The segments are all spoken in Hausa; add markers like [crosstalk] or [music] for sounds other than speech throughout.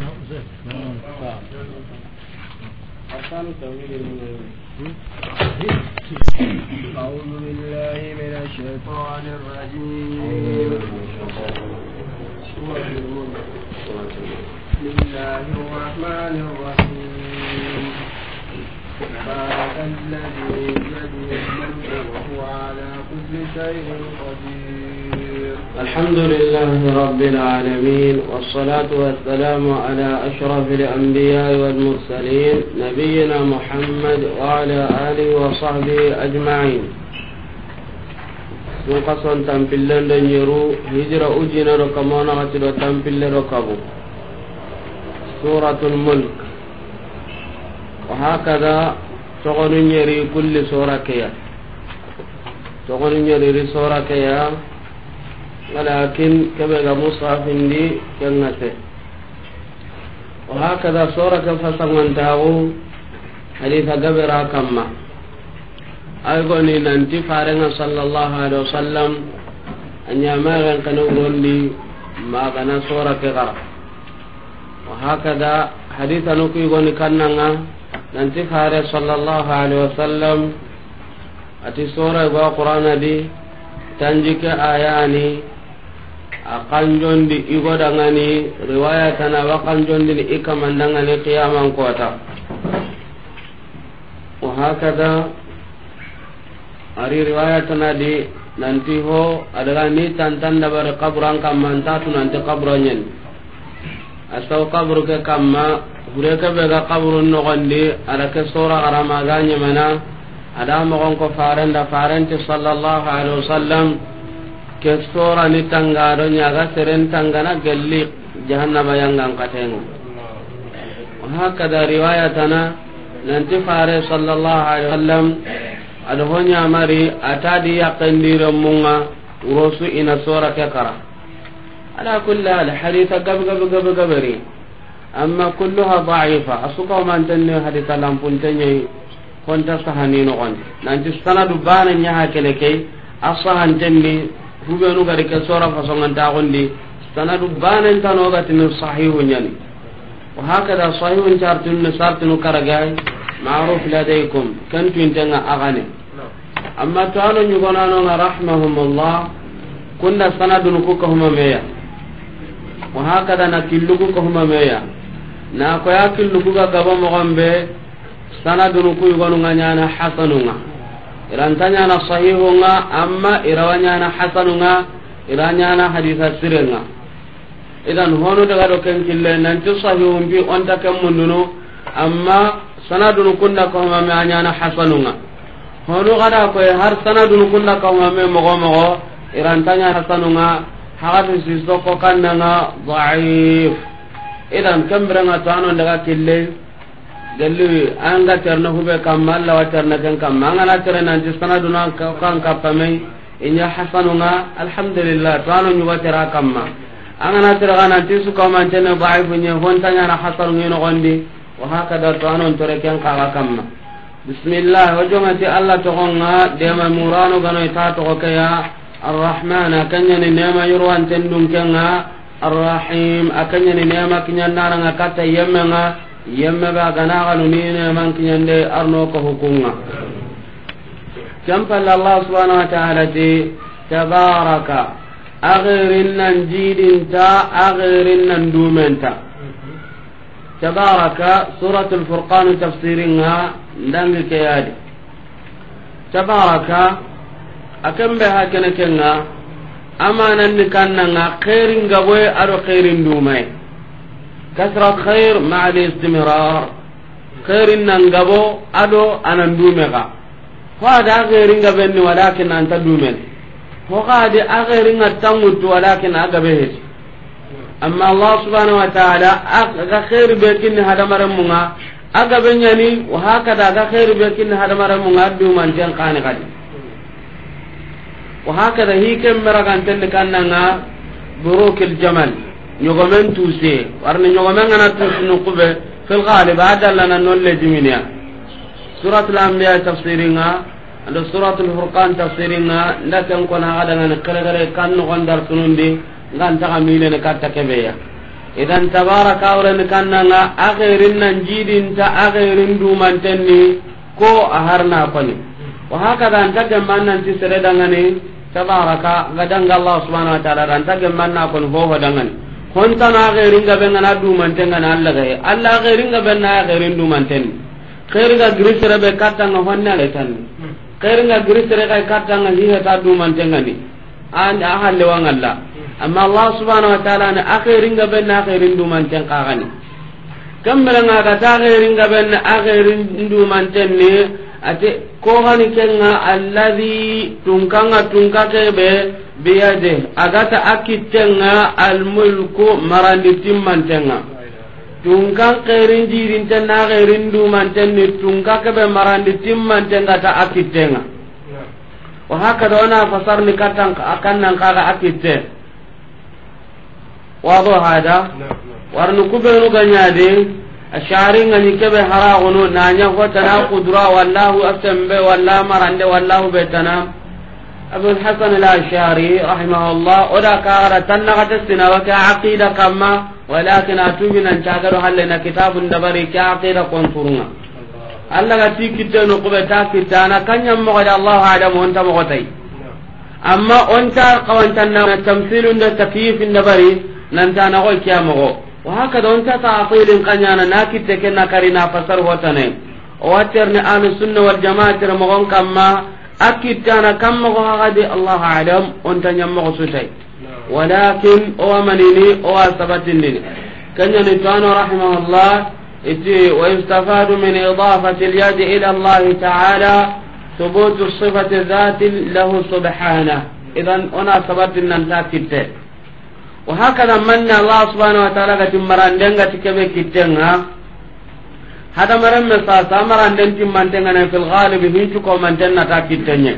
أحسن التوحيد أعوذ بالله من الشيطان الرجيم بسم الله الرحمن الرحيم الحمد لله رب العالمين والصلاة والسلام على أشرف الأنبياء والمرسلين نبينا محمد وعلى آله وصحبه أجمعين sun تنفل لن يرو هجر hijira ركمانا وتنفل ركبه سورة الملك Haa kadhaa sogonnyarri kulli soorakeeya sogonnyarri soorakeeya walakin kamagamustuhaa findi kennate o haa kadhaa soorakeef sassaabamtaawu hadithaa gabira hakan ma haa goni naan tifaareenya sallallahu alaihi wa sallam nyaamaa eegani kan hin oolne maagana soorakee qaba o haa kadhaa hadithaa nu kuu goni kannaana. nanti fare sallallahu alaihi wasallam ati sura ba qur'ana di tanjike ayani akanjondi igodangani riwayatana wakanjondini ikamandangani qiyaman kota wahakada ari riwayatana di nanti ho adaga ni tantan dabari kaburan kamma ntatu nanti kaburanyani asaw kaburu ke kamma gure kebe ga kaburun nogondi ada ke sora garama ga nyemana ada mogon ko farenda farenti sallallahu alaihi wasallam ke sora ni tangaro nyaga seren tangana gelli jahannama yangan katengo hakada riwayatana nanti fare sallallahu alaihi wasallam ada honya mari atadi yaqindire munga urosu ina sora ke kara ala kulli al haditha gab gab gab gabari gab, amma kulluha da'ifa asuka man tanne hadita lampun tanye konta sahani no on nanti sanadu bana nya hakele kay asahan tanni hubenu gari ke sora fasongan ta gondi sanadu bana tano gatin sahihu nyani wa hakada sahihun chartun ne sartun karagai ma'ruf ladaykum kan tintanga agane amma to ano nyugona no rahmahumullah kunna sanadun ko kahuma meya wa hakada nakillu ko kahuma meya na koya killukuga gaba mogonɓe sanadunu kuyugonunga ñana hasanunga iranta ñana sahihunga amma irawa ñana hasanunga ira ñana hadisa sirenga idan honu daga do ken kille nanti sahihun bi onta ken mundunu amma sanadunu kunda kohomame a ñana hasanunga honu gada koye har sanadunu kunda kohomame mogo mogo iranta ñana hasanunga hagati si sokko kannanga daif idan kembranga to anon daga kille gallu an ga tarna hube kamma Allah wa tarna kan kamma an ana tarna nan jisana dunan kan kapame inya hasanunga alhamdulillah to anon yuwa tara kamma an ana tarna nan tisu kamma tana ba'ifu nya hontanya na hasan ngino gondi wa hakada to anon tore kan kawa kamma bismillah wajongati Allah to gonga de ma murano gano ita to kaya arrahmana kanya ni nema yurwan tendun kenga arrahim akanya ni nema kinyan naranga kata yemmenga yemme ba gana ganu ni nema kinyan de arno ko hukunga kampal allah subhanahu wa ta'ala ti tabaraka aghirin nan jidin ta aghirin nan dumenta tabaraka suratul furqan tafsirinha ndangi amananni kannanga khairin gabo aɗo khairin dumai kasra khair maa listimrar khairin nan gabo ado anan dume ga ko ada khairin gabenni walakin ta dumene ko da a khairinga tanguttu walakin a gabe heti amma allah subhanahu wa taala aga khairi be kinni hadamarenmunga a gabe ñani hakada aga khairi be kinni hadamarenmunga a dumanten kani kadi wa hakada hiken meragantenni kannanga burukil jamal ñogomen tuuse warni ñogomen ngana tuusinu kube fil ghalib adallana nolle idan tabaraka wureni kannanga a xerin ko a harna koni wa hakada tabaraka gadanga allah subhanahu wa ta'ala ran tagge manna kon ho ho dangan kon tana gairin ga ben na du man tenga na allah ga allah gairin ga ben na gairin du man ten khair ga grisere be katta na honna le tan khair ga grisere ga katta na hiya ta du man tenga ni an a halle wa ngalla amma allah subhanahu wa ta'ala ne akhirin ga ben na gairin du man ten ka gani kamma nga ga ta gairin ga ben na gairin du man ten ne ate ko hani kenga alladhi tunkanga tunkake be biyade agata akitenga almulku marandi timmantenga tunkan kerin jirin ten na kerin duman ten ni tunka kebe marandi timman ten ta akitenga wa haka da wana fasar ni katan akan nan kaga akitte wado hada warnu kubenu ganyade ashari ngani kebe hara gono nanya hotana kudura wallahu aftambe walla marande wallahu betana abul hasan al ashari rahimahullah oda kaara tanna kata sina wa ka aqida kamma walakin atubina chagaro halle na kitabun dabari ka aqida konturunga alla ga tikitte no kube ta kitana kanyam mo da allah adam on ta mo tay amma on ta kawantan na tamthilun da takyifin dabari nan ta na ko kiyamo وهكذا وانت تعطيل قنيانا ناكد تكنا كرنا فسر وطنين واترن آل السنة والجماعة رمغون كما أكد كان كم غادي الله أعلم وانت نمغ نعم سوتي نعم. ولكن هو منيني هو سبتني كان نتوان رحمه الله ويستفاد من إضافة اليد إلى الله تعالى ثبوت الصفة الذات له سبحانه إذا أنا سبتنا نتاكد wa hakada manna allah subhanahu wa ta'ala gati marandenga tikebe kittenga hada maramme sasa maranden timmantenga na fil ghalib hincu ko mantenna ta kittenye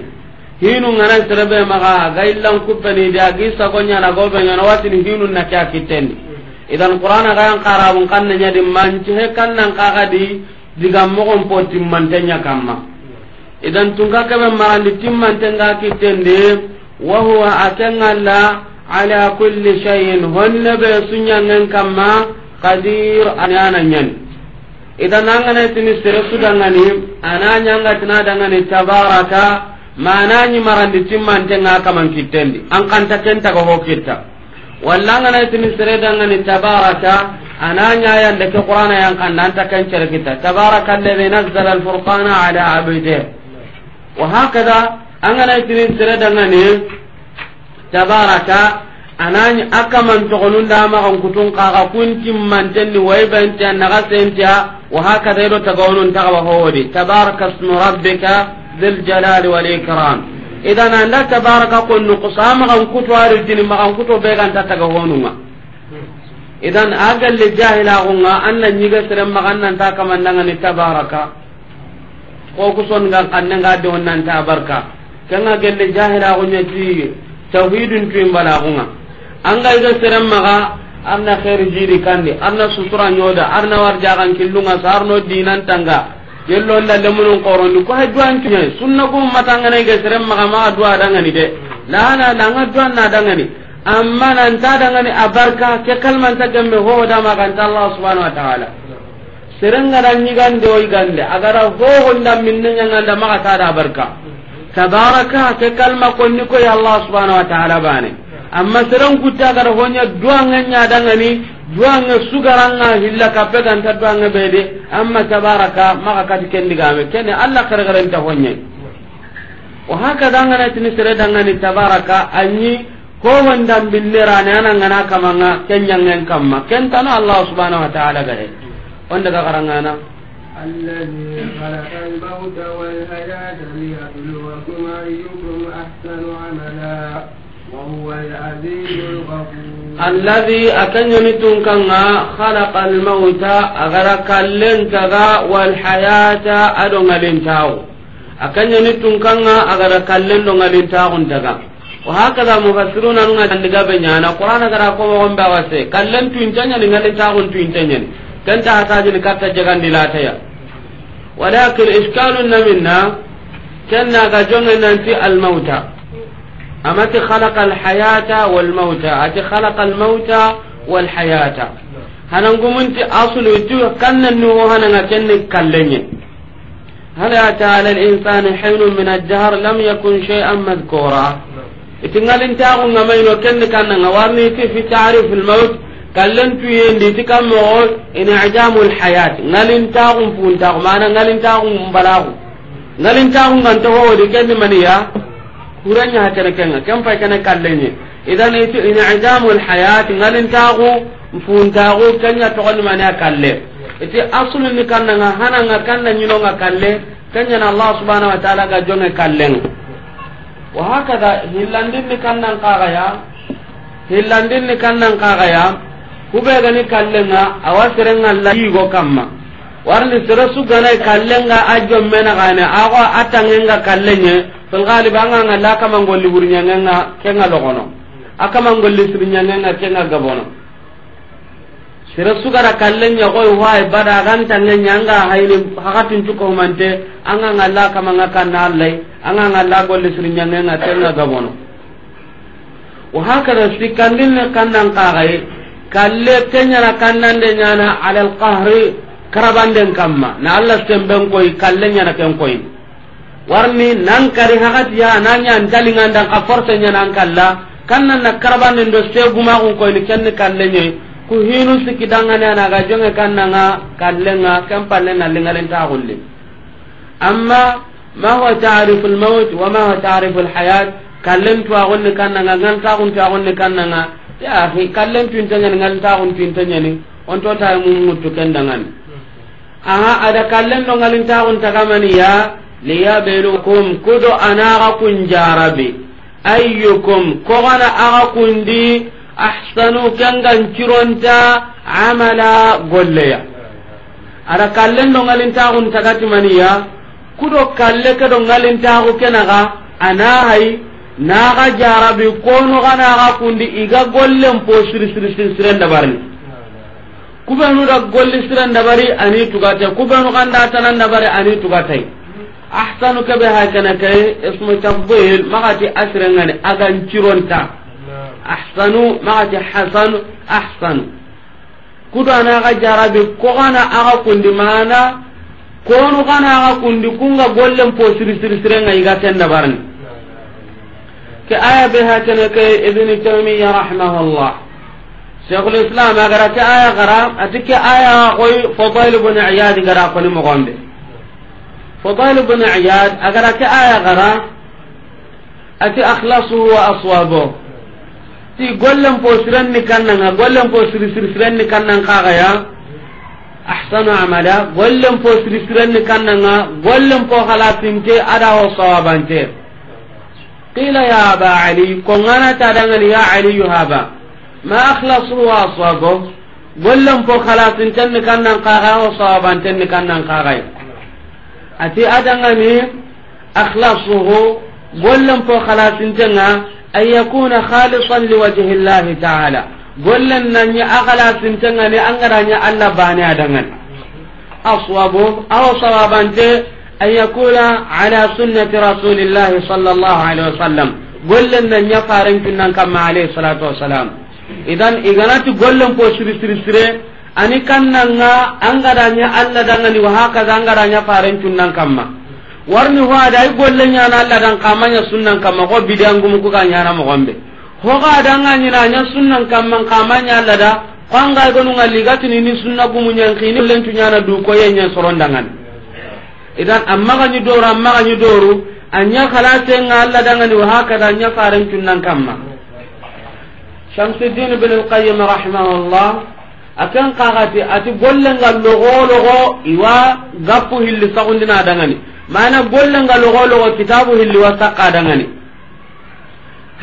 hinu ngana serebe maga ga illan kubbeni da gi sagonya na gobe nyana watini hinu na kya kittendi idan qur'ana ga yang qarabun kanne nya dim manci he diga mogon po timmantenya kamma idan tunga kebe marandi timmantenga kittendi wa huwa atanga la ala kulli shay'in honne be sunyangen kamma qadir anana nyen idan angana tini sere sudangani ananya ngatina dangani tabaraka mananyi marandi timmante nga kaman kittendi an kan ta kenta ko ho kitta walla ngana tini sere dangani tabaraka ananya yande ke qur'ana yang kanda ta kan cere kitta tabaraka alladhi nazzala al-furqana ala abdihi wa hakada angana tini sere dangani tabaraka anan akaman togonun da ma kan kutun kaga kuntin ban way na naga sentiya wa haka dai do tagawunun tagawa hodi tabaraka ismu rabbika dil jalali wal ikram idan an da tabaraka kun nuqsama kan kutu arjin ma kan kutu be kan ta tataga ma idan agalle jahila gunga anna nyiga sere ma kan nan ta nan ni tabaraka ko kuson ga kanne ga ta barka kan kanga gelle jahila gunya ti tawhidun tuin balagunga anga iga seram maga arna khair jiri kandi arna sutura nyoda arna warja kilunga killunga sarno dinan tanga yello nda lemunun qorondi ko ha duan tunya sunna ko mata na iga seram maga ma dua dangani de la na nanga duan na dangani amma nan ta dangani abarka ke kalman ta gambe ho da maga kan Allah subhanahu wa ta'ala serenga dan nyigande oi gande agara ho honda minnya nganda maga ma ta da abarka tabaraka ke kalma konni ko ya allah subhanahu wa ta'ala bane amma seren kutta gar honya duanga nya danga ni duanga sugaranga hilla ka gan ta duanga bede amma tabaraka maka kati diga me kene allah kare kare ta honya wa haka danga na tini sere danga ni tabaraka anyi ko wanda binnera ne anan ngana kamanga kenyangen kamma na allah subhanahu wa ta'ala gare onda ga na. الذي خلق الموت والحياة ليبلوكم أيكم a عملا alladi akanyanitun kanga halaka almauta agara kallentaga walhayata ado ngalintawu akanyanitun kanga agara kallendo ngalintaxuntaga wahakaza mufasirunanu ngandigabe nyana qurana gara komogonbe awase kallentuinta nyani ngalintaxuntuinta nyani كنت هتاجن كتا جغان دلاتيا ولكن إشكالنا منا كنا غجونا أنت الموتى أما خلق الحياة والموتى أتي خلق الموتى والحياة hanan gumunti asulu tu kannan nu hanan kenne kallenye hal ata ala al insani hinun min al jahr lam yakun shay'an madhkura itingalin ta ngamay no kenne kannan warni kallen tuyendi ti kam mogo ngalintaxum mana ngalintaxum ngalintaxu howodi maniya kene kenga fay kene idan ngalintaxu kalle iti asulu ni kannanga hananga kanna ñinonga kalle allah wa taala ga jonge kallenga wa hakada hillandinni kannan kaxaya hillandinni kannan kaxaya kube gani kallenga awa serenga la yigo kamma warni sere sugana kallenga a jommena gane ago atangenga kallenye fil ghalib anga nga la kama ngolli nga kenga logono akama ngolli sirnyenga kenga gabono sere sugara kallenya koy waay bada ganta ngenya anga hayni hakatin cuko mante anga nga la kama nga kanna allai anga nga la golli sirnyenga kenga gabono wa hakada sikandin kannan qagaye kalle kenyana kannande nyana alal qahri karabanden kamma na allah sembeng koy kalle nyana ken koy warni nan kari hagat ya nanya antalingan dan ka forte nyana kalla kanna na karabanden do seguma ko koy ni kenne kalle nyi ku hinu sikidangane anaga jonge kannanga kalle nga palle na lengalen ta gulle amma ma ما هو تعريف الموت وما هو تعريف الحياة كلمت وأقول لك أننا غنسا كنت أقول لك nga. ya akhi kallen tuintanyani ngalintaxun tuintanyani onto tayi mum muttu kendangani aha ada kallen do ngalintaxun tagamaniya liyabelukum kudo anaxa kun jarabe ayyukum kogana axa kundi ahsanu kengan cironta amala golleya ada kallen do ngalintaxun tagatimaniya kudo kalle ke do ngalintaxu kenaxa anaa hay naga jarabi kono gana ga kundi iga gollen po siri siri siri siren dabarni kubenu da golli siren bari ani tugata kubenu ganda tanan bari ani tugata ahsanu ka be hakana kai ismu tabdil magati asran ngani agan cironta ahsanu magati hasan ahsan kudo na ga jarabi ko gana aga kundi mana kono gana aga kundi kunga gollen po siri siri siren ga iga tan dabarni ke aya be ha kene ke ibn taymiya rahimahullah shaykhul islam agara ke aya gara atike aya koy fadail ibn iyad gara ko ni mo gonde fadail ibn iyad agara ke aya gara ati akhlasu wa aswabo ti gollem po sirenni kannanga gollem po siri siri sirenni kannan kaga ya ahsanu amala gollem po siri sirenni kannanga qila ya aba ali ko ngana ta dangani ya ali haba ma akhla wa asago gollan po khalasin tan kan nan qaga wa sahaban kan ati adangani akhlasuhu gollan po khalasin tan an yakuna khalisan liwajhi allah ta'ala gollan أن ya akhlasin tan أن an garanya allah bani adangan aswabo an yakuna ala sunnati rasulillahi sallallahu alaihi wasallam gollen nan ya faran kinnan kamma alaihi salatu wasalam idan iganati gollen po siri siri sire ani kannanga angadanya alla dangani wa hakaza angadanya faran kinnan kamma warni ho ada gollen yana alla dan kamanya sunnan kamma ko bidangum ku kanya na mo gombe ho ga danga nyina nya sunnan kamma kamanya alla da kwanga gonu ngali gatini ni sunna gumunyan kini lentu nyana du ko yenya sorondangan idan amma ga ni doru amma ga ni doru anya khalase nga alla danga ni hakada anya faran tunnan kamma shamsuddin bin al-qayyim rahimahullah akan qagati ati gollenga logo logo iwa gapu hilli sakundina danga ni mana gollenga logo logo kitabu hilli wa saqa danga ni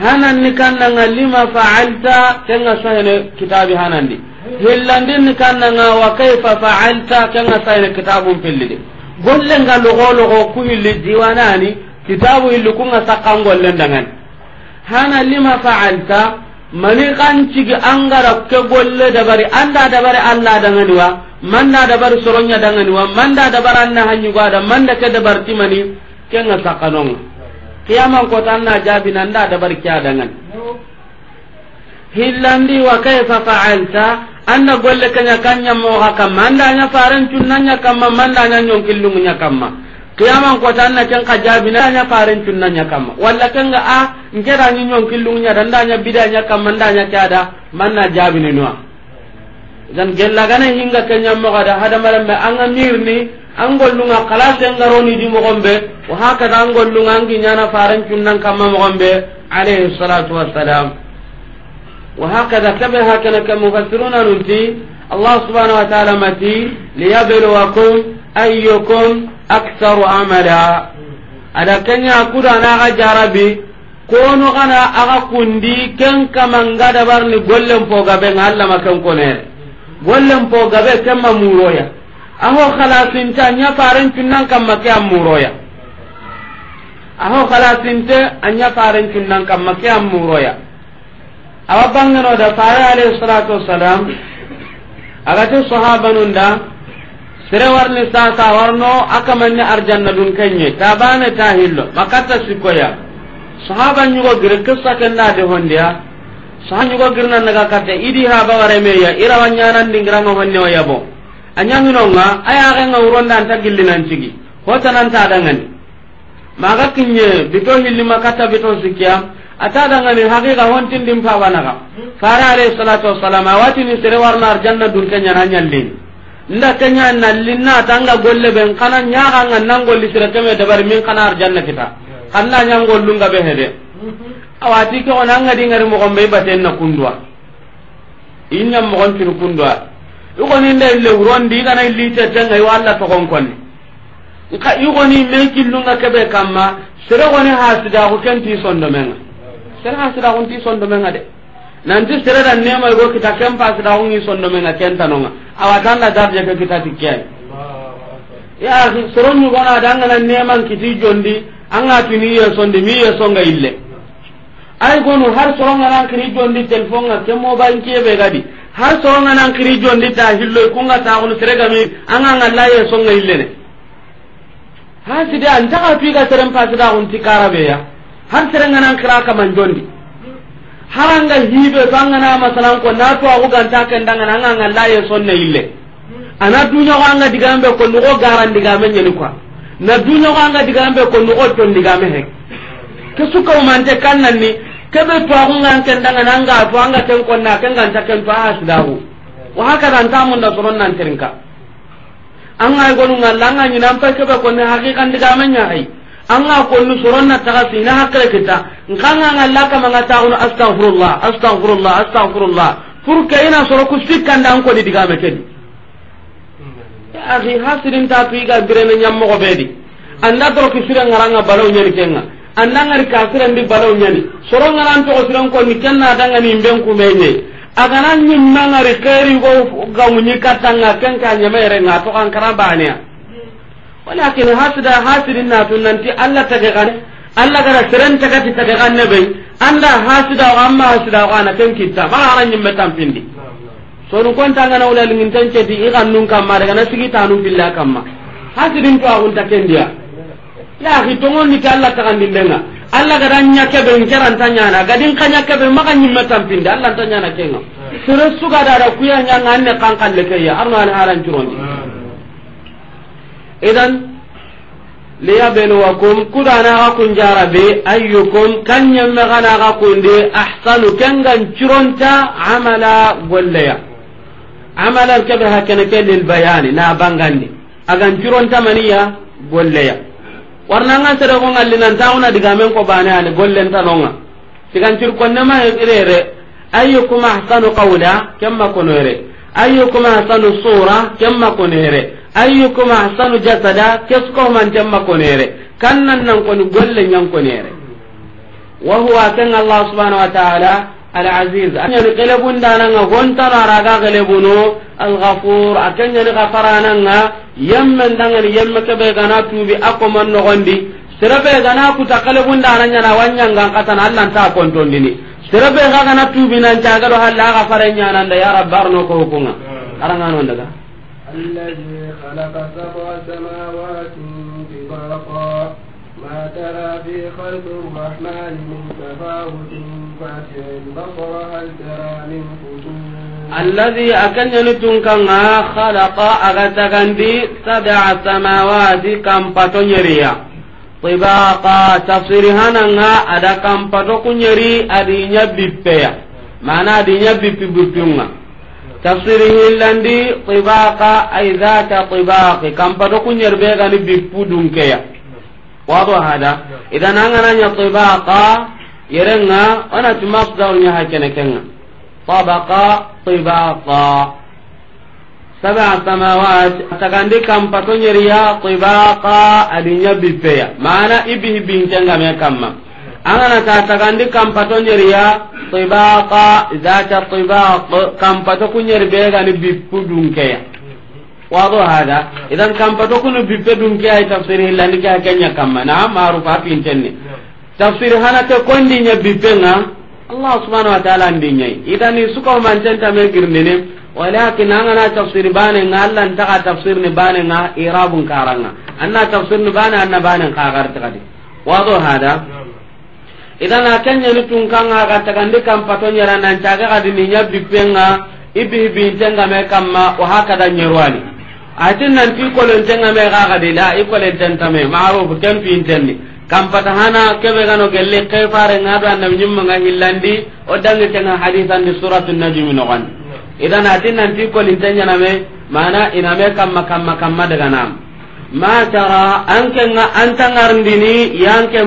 hanan ni kanna nga lima fa'alta kenga sahene kitabi hanan hanandi hillandin ni nga wa kayfa fa'alta kenga sahene kitabun pillidi gollen ga logo logo ku illi diwanani kitabu ku ngasa kan gollen dangan hana lima fa'alta mani kancigi angara ke golle dabari anda dabari allah dangani wa manda dabari soronya dangani wa manda dabari anna man manda ke dabar timani ngasa kanong kiyaman kota anna jabi nanda dabari kya dangan hillandi wa kaifa fa'alta anna golle kanya kanya mo haka kamma nya faran tunnanya kamma manda nya nyon nya kamma kiyaman ko tanna ken ka jabi na nya faran tunnanya kamma walla ken ga a ah, ngera nya nyon nya danda nya nya kamma manda nya kada manna jabi ni noa dan gella gana hinga kanya mo kada hada be anga mirni an gollunga kalase ngaroni di mo gombe wa haka an gollunga angi nya na faran tunnan kamma mo gombe alayhi salatu wassalam وهكذا كما هكذا كمفسرون ننتي الله سبحانه وتعالى متي ليبلوكم أيكم أكثر عملا ada kenya kuda na ga jarabi kono kana aga kundi ken kamanga da barni gollem po gabe ngalla makan kone gollem po gabe kemma muroya aho khalasin ta nya faran tunnan kamma ke amuroya aho khalasin ta anya faran tunnan kamma ke amuroya awa bangano da fare alayhi salatu wassalam agati sahabanunda sere warni sasa warno akamanni arjanna dun kenye tabane tahillo makatta sikoya sahaba nyugo gire kissa kenda de hondiya saha nyugo girna naga katte idi haba waremeya irawa nyanan dingiranga honne wayabo anyanginonga aya kenga uronda anta gillinan cigi hotananta adangani maga kinye bito hilli makatta bito sikiya ata daga ni haqiqa hontin dim fa wanaga fara alayhi salatu wassalam awati ni sere warna arjanna dun kenya na nyallin nda kenya na linna tanga golle ben kana nya ga nan golli sere keme dabar min kana arjanna kita kanna nyang gollunga be hede awati ke ona nga ngari mo gombe baten na kundwa inya mo gon tin kundwa igoni nda ille wurondi igana illi tetenga iwa alla kon ka yugo ni me killunga kebe kamma sere sida ko kenti sondo menga sere hasida hunti sondomenga de nanti sereda nema go kita kempa hasida hungi sondomenga kentanonga awatanda darje ke kita tikkiyai ya akhi soro ñugona adangana nema kiti jondi anga tini sondi mi yesonga ille ay gonu har soronganan kiri jondi telephone nga ke mobile kebe gadi har soronganan kiri jondi ta hilloy kunga taxunu seregami anga ngalla yesonga illene ta antaka tuiga seren hunti karabe ya. har serenganan kira kaman jondi haranga hibe to angana masalan ko na to agu ganta kan dangana anga ngalla ye sonne ille ana dunya ko anga digambe ko nugo garan digame nyeni kwa na dunya ko anga digambe ko nugo ton digame hek ke suka o mante nan ni kebe to agu ngan kan dangana anga to anga ten ko na kan ganta kan to as dahu wa haka dan ta mun da sonon nan tirinka anga gonu ngalla anga nyinan pa kebe ko ne hakikan digame nyai anga konni soronna taga sina hakre kita nkanga ngalla kama ngata uno astaghfirullah astaghfirullah astaghfirullah pour que ina soro ku sikkanda an ko di digame kedi ya akhi hasirin ta tuiga birene nyammo ko bedi anda toro ki sire ngaranga balaw nyani kenga anda ngari ka kasira ndi balaw nyani soro ngaran to siran ko ni kenna danga ni mben ku menye agana nyimma ngari keri go ga munyi katanga kenka nyamere to kan karabaniya walakin hasida hasirin na tun nanti Allah ta ga gane Allah gara siren ta gati ta ga gane bai anda hasida wa amma hasida wa na kan kitta ba ran yin metan pindi so nu kon ta na wala lingin tan ce di iran nun kam ma daga na sigi ta nun billa kam ma hasirin to awun ta ken dia ya hi tongon ni ta Allah ta kan dindenga Allah gara nya ke ben keran tanya na gadin kanya ke ben maka nyimme tampinde Allah nya na kenga sere suga da da kuya nya ne kan kan le kayya arno an haran turonji idan liyabluwakum kudanaxa kunjarabe ayyukum kan kunde ahsanu kengan cironta amala golleya kebe hakene ke na bangandi agan maniya golleya warnangan sedeko ngallinantaxuna digamen ko bane ani gollentanonga sigancir konnema irere ayyukum ahsanu qawla kemma ayyukum ahsanu sura kemma ayyukum ahsanu jasada kesko man jamma konere kannan nan koni golle nyam konere wa huwa kan allah subhanahu wa ta'ala al aziz an yani kelebun dana nga gonta raga kelebuno al ghafur akan yani ghafarana nga yamman dangan yamma ke be gana tubi akoman no gondi sirabe gana ku ta kelebun dana nyana na wanya nga katana allah ta konton dini sirabe ga gana tubi nan ta garo halla ghafaranya nan da ya rabbarno ko hukunga hmm. non daga الذي خلق سبع سماوات طباقا ما ترى في خلق الرحمن من تفاوت فاتح البصر هل ترى من فتور الذي أكن نتنكنا خلق أغتغندي سبع سماوات كم باتنيريا طباقا تفسير هننا أدا كم باتنيري أدي نبي بيا معنى أدي نبي بيبتنغا tafsiri hillandi tibaqa zata tibaqi kampato kunyer be gani bippu dunkeya wado hada angana ta tagandi kampato nyeriya tibaqa zata tibaq kampato kunyeri bega ni bippu dunkeya wado hada idan kampato kunu bippe dunkeya ay tafsir hillandi ka kenya kamma na maru fa pintenne tafsir hana ke kondi nya bippe nga allah subhanahu wa ta'ala ndinya idan ni suka man tanta me girnene walakin angana tafsir bane nga allah ntaka tafsir ni bane nga irabun karanga anna tafsir ni bane anna bane kagar tagadi wado hada idan a kenya ni tun kan ga tagandi kan pato nyara nan caga ga dini nya bipenga ibi bintenga me nyerwani atin nan ti tenga me ga i tenta me kam pata hana gano gelle kay fare ngado nga hillandi o dangi tenga hadisan suratul najm no gan idan atin nan ti na me mana ina me daga nam ma tara anke nga yanke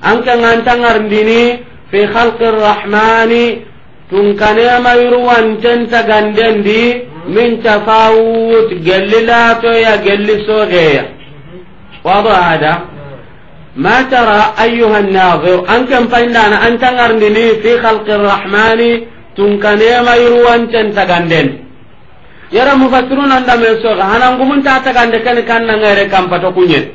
anka ngan tangar dini fi khalqi rahmani tunkane mayru wan tenta gandendi min tafawut gallila to ya galliso geya wado ada ma tara ayyuha an-nadhir anka mpaindana antangar dini fi khalqi rahmani tunkane mayru wan tenta ganden yara mufassiruna anda me so hanangumun ta ta gande kan kan nangare kampato kunye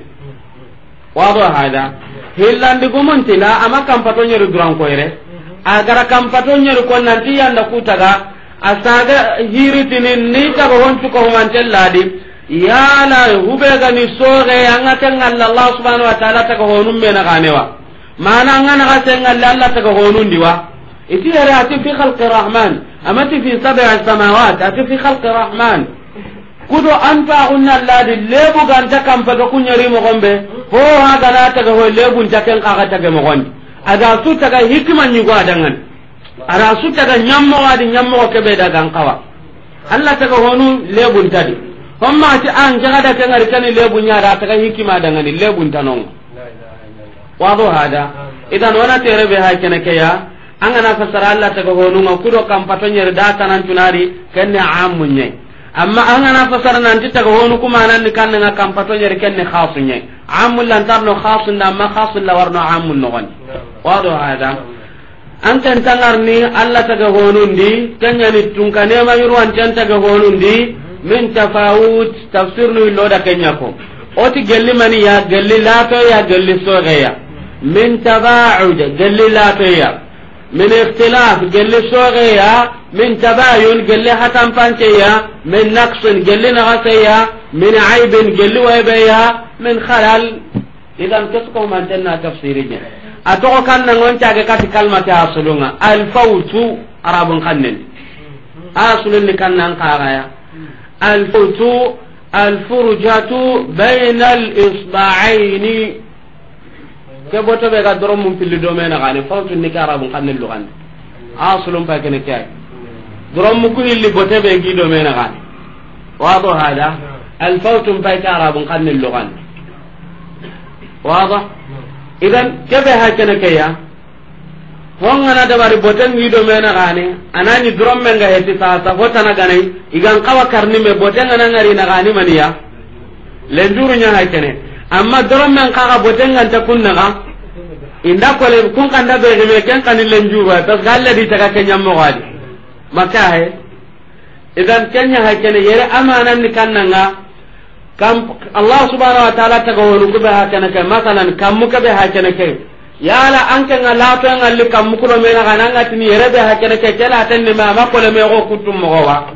wado ada hillandi gumuntina ama kampato ñeri durankoyre mhm. agara kampato nyeri ko nanti yanda kutaga a saga hiritini ni taga honcuko humanten laadi yala hubegani soge anga ken alla allah subhanahu wa taala taga honum mena ganewa mana anga naga sen alla allah taga honundiwa iti yere ati fi khalqi rahman amati fi sab'i samawat ati fi khalqi rahman [laughs] kudo anta unna laadi lebu ganta kampato kunyari mogombe ho ha gana ga hoye lebun kan kaga taga mo gondi aga su ga hikman ni gwa dangan ara su ga nyammo wadi nyammo ke be gan kawa Allah ga honu lebun di amma ti an ga da kan ari kan lebun ya da ga hikima dangan lebun wa do hada idan wana tere be ha kene ke ya an ana sara Allah ga honu ma kudo kam patonya da tanan tunari kenne amunye amma an gana fasara nan ti taga honu kuma nan ni kan nga kam pato nyere ken ni khasu nye amul lan tarno khasu na ma khasu la warno amul no gani wado hada an kan tangar ni alla taga honu ndi kanya ni tunka ne ma yuru an tan taga honu ndi min tafawut tafsir ni lo da kenya ko oti gelli mani ya gelli la to ya gelli so ya min tabauda gelli la to ya min ikhtilaf gelli so ya min tabayun gelle hatan ya min naqsin gelle ya min aibin gelle ya min halal idan kasko man kesukomantenna tafsiri ñe a toxo kannangoncage kati kalmate asulunga alfawtu arabun kanneni asulunni kannan kaxaya alfawtu alfurjatu bayna alisbaaini ke botoɓe ga doromum pilli domenaxane fawtunni ke arabun kannel luxande asulun pa kene ke ay duron muku illi bote be gi do mena gani wado hada al fawtum fa ta arabun qanni lugan wado idan kebe ha kana kaya hongana dabari boten wido mena gani anani duron men ga heti sasa hotana ganai igan kawa karni me boten ngana ngari amma duron men kaga boten nganta kunna ga inda kole kun kanda be be ken kanille njuru tas galle di ka kenya mo gadi makahe idan kenya hakene yere amanan ni kannanga kam allah subhanahu wa ta'ala taga wonu kube hakene ke masalan kam kammu kebe hakene ke yala an nga lato nga li kammu kulo mena kananga tini yere be hakene ke tan ni ma makole me go kutum mo wa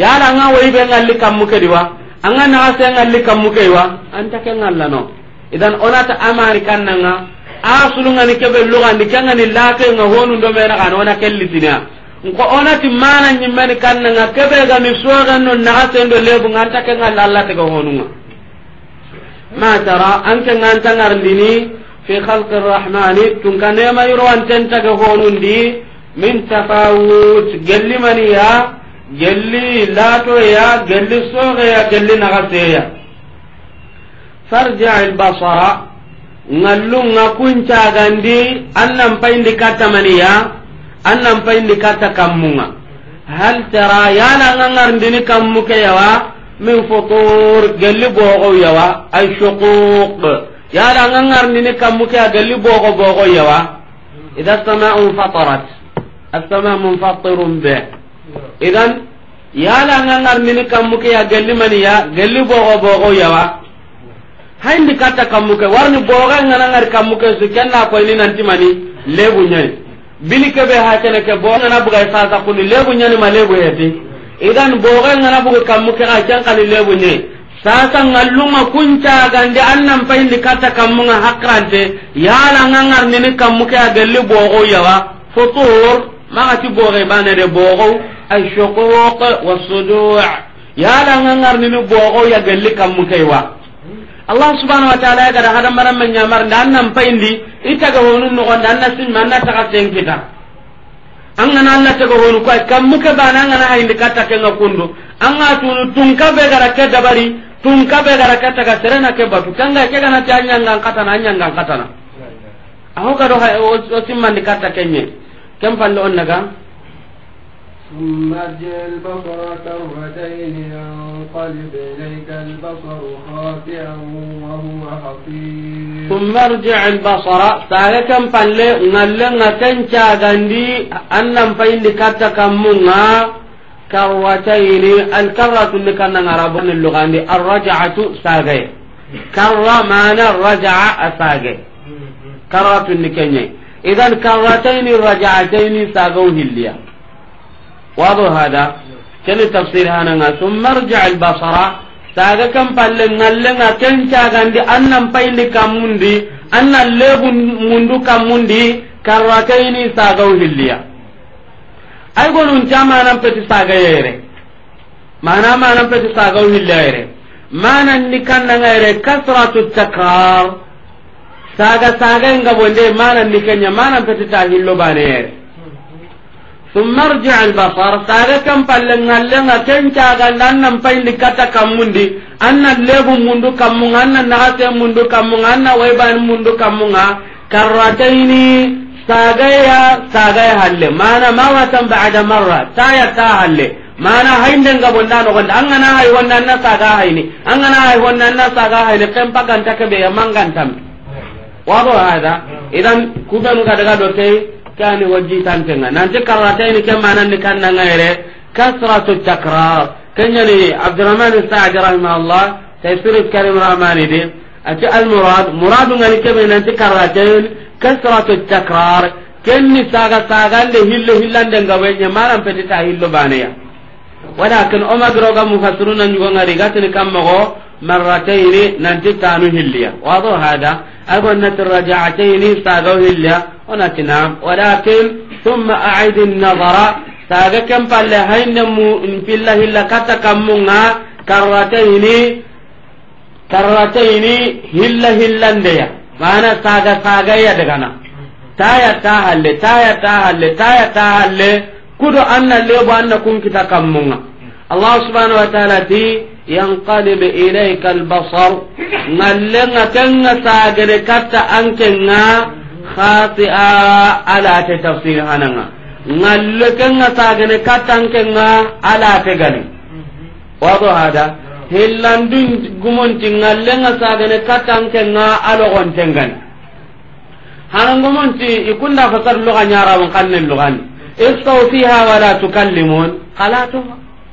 yala nga wo ibe nga li kammu ke diwa anga na se nga kam kammu ke wa ta ke ngalla no idan onata amari kannanga asulunga ni kebe lugandi kanga ni lake nga honu ndo mena kelli kellitina ko onati mana nyimmeni kannanga kebe ga mi soganno naga sendo lebu nganta ke ngalla Allah te ga honunga ma tara an nganta ngarndini fi khalqi rahmani tun kane ma ga honundi min tafawut gelli maniya gelli lato ya gelli soga ya gelli naga seya farja al basara ngallunga kunca gandi annan paindi katamaniya annan payindi katta kammunga hal tara yana ngangarndini kammu ke yawa min futur gelli bogo yawa ay shuquq yana ngangarndini kammu ke gelli bogo bogo yawa idha samaa'u fatarat as-samaa'u munfatirun bih idan yana ngangarndini kammu ke ya gelli mani ya gelli bogo bogo yawa hayndi katta kammu ke warni boga nganangar kammu ke su kenna ni nanti mani lebu nyai bili kebe ha kene ke bo ngana buga e sa sa kuni lebu nyani ma lebu yati idan bo ga ngana buga e kammu ke ka kali lebu ne sa sa ngalluma kunca gande annam payndi kata kammu nga hakrante yala ngangar ne kammu ke agalli bo go yawa futur maga ti bo ga e bane de bo go ay shuquq wa sudu' nga ngangar ni bo go ya galli kammu ke wa allah subhanahu wa ta'ala gara hada maran men nyamar dan nan payindi itaga wonu no gonda anna sin manna taka sen kita angana allah taga wonu ko kam muka bana angana hayndi katta kenga kundu an anga tunu tunka be gara ke dabari tunka be gara ke taga serena ke batu kanga ke gana tanya ngang katana nyanga katana aho kado o simmandi katta kenye kam palle on naga ثم ارجع البصر كرتين ينقلب إليك البصر خاسئا وهو حصير ثم ارجع البصر سالكم فلي نلنا تنشا غندي أنم فين كتا كمونا كرتين الكرة اللي كان عربون اللغة الرجعة ساغي كرة معنى الرجعة أساغي كرة اللي كان إذا كرتين الرجعتين ساغون هليا wado hada kene tafsir hananga thumma arja al basara saga kam palle ngallenga ken cagandi annan payndi kammundi annan lebu mundu kammundi karrataini sagaw hilliya ay gonun camanan peti saga yere mana manan peti sagaw hilliya yere manan ni kannanga yere kasratu takrar saga saga inga bonde manan ni kenya manan peti ta hillo bane yere summa arji'al basar saga kan pallan allan nga kan ta gallan nan fa indi kata kan mundi annan lebu mundu kan mun annan na ta mundu kan mun annan wai ban mundu kan mun karrata ini saga ya saga ya halle mana ma watan ba'da marra ta ya ta halle mana haindan ga bonda no gonda an gana hay wonna na saga hayni an gana hay wonna na saga hayni kan pagan ta ke be mangan tam wa ba hada idan kudan ga daga dotei kani wajji tantenga nanti karratayni ke mananni kannanga yere kasratu takrar kenyani abdurahman sadi rahimahullah tafsir karim rahmani de ati almurad muradu ngani kebe nanti karratayni kasratu takrar kenni saga sagande hillo hillande ngawenye maran petita hillo baneya walakin omagiroga mufassiruna ñugongari gatini kammogo marrataini nanti tanu hilliya wado hada agonnati rajataini sagao hilliya onati nam walakin thumma a'id an-nazara saga kam palle hayna mu in billahi la kata kamunga karrataini karrataini hilla hillandeya mana saga saga ya daga taya ta halle taya ta halle taya ta halle kudo anna lebo anna kun kita kamunga allah subhanahu wa ta'ala ti yanqalib ilayka al-basar ngallenga kenga sagere katta ankenga khati'a ala ta tafsir hananga ngalle kenga sagane katan kenga ala ta gani wado hada hillandun gumonti ngalle nga sagane katan kenga alo gonten gani hanan gumonti ikunda fasar luga nyara wan kanne lugan istaw fiha wala tukallimun qalatu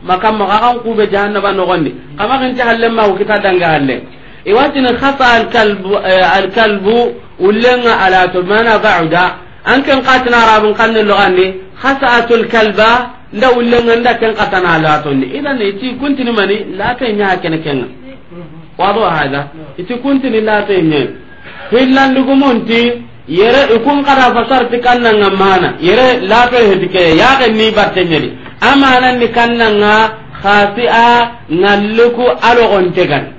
makam ma kan kube jahannaba no gondi kama kan ma ko kita danga halle iwatin khata al alkalbu al kalbu ullenga ala to mana ba'da an kan qatina rabun kanne kasa khata'atul kalba nda ullenga nda kan qatana ala to ni idan iti kuntini mani la ta nya ken ken wado hada iti kuntini la ta nya hillan dugumunti yere ikun qara fasar ti kanna ngamana yere la ta hedike ya kan ni battenyani amana ni nga khasi'a ngalluku alogontegan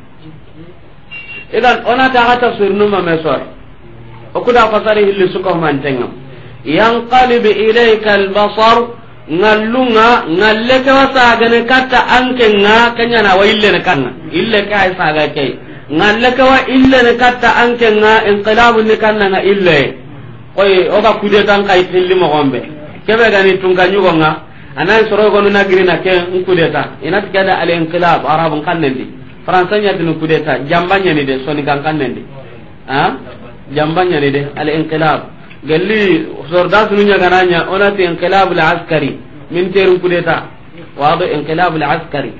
idan ona ta hata surnu ma me sor o kuda fasari hilli suko man tenga yanqalib ilayka albasar ngallunga ngalle ke gane katta anke nga kanya na wa ille ne kanna ille ke ay saga ke ngalle ke wa ille ne katta anke nga inqilabu ne kanna nga ille koy kude tan kay tilli mo gombe kebe gani tunga nyugo nga anan soro gonu na girina ke nkudeta inat kada al inqilab arabun di. français nya dinu kudeta jambanya ni de soni kan kan nende ha jambanya ni de al inqilab galli sordas nu nya gananya onati inqilab al askari min terun kudeta wado inqilab al askari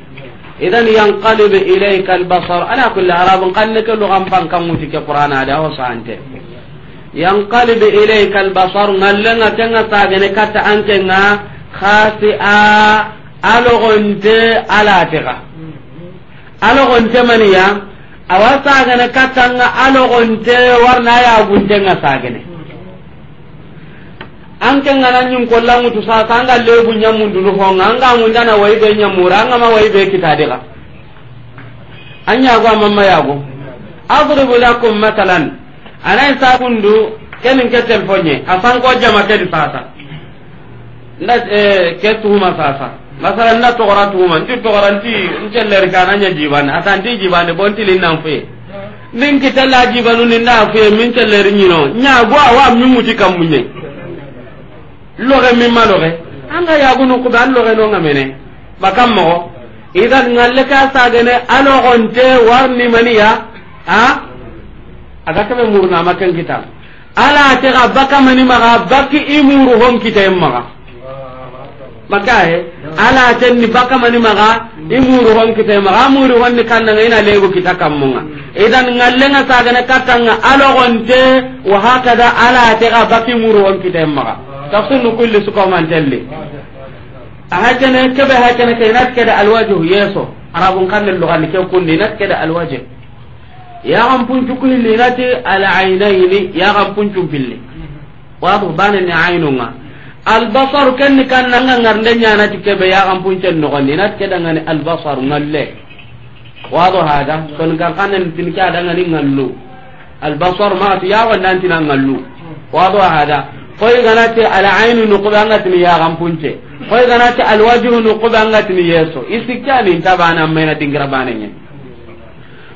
idan yanqalib ilayka al basar ala kulli arab qanne ke lugan pan kan ke qur'ana da ho sante yanqalib ilayka al basar nallanga tanga sagene kata antenga khasi'a alogonte alatega te mani maniya awa sagene kattanga alo te warna ya guntenga sagene anke ngana nyum ko langutu sa sanga lebu nyamundu lu honga anga mundana waibe nyamura anga ma waibe kitadega anya go mamma yago adribu lakum matalan anay sa kundu kenin ke telefonye afan ko jama ke di sasa ndat eh ke tuma sasa masala na togora tuma nti togora nti ncelleri kana nya jibane ata nti jibane bon tili nan fe nin kita la jibanu ni na fe min celleri nyino nya go awa mi muti kam munye loge min ma loge anga ya gunu ko ban loge no ngamene bakam mo idan ngalle ka sagene alo gonte warni maniya ha aga kebe murna makan kita ala ta baka mani maga baki imuru hom kita emma maka he ala ni baka mani maga imuru hon kita maga muru hon ni kanna ina lego kita kamunga idan ngallenga sagana katanga alo gonte wa hakada ala tega baki muru hon kita maga tafsir kulli suka man telli ahakene kebe hakene ke nat keda alwajhu yeso arabun kanne lugani ke kunni nat keda alwajh ya gam punchu kulli nati al aynaini ya gam punchu billi wa bu banani aynunga albasaru kenni kan nanga ngarnde nyana tike be ya ampun cen no gonni nat ke danga ni albasaru ngalle wado hada kon kan kanen tin ka danga ni ngallu albasar ma ya nan tin ngallu wado hada koy ganate al aini nu ko anga tin ya ampun ce koy ganate al wajhu nu ko banga tin yeso na tabana na dingra banenye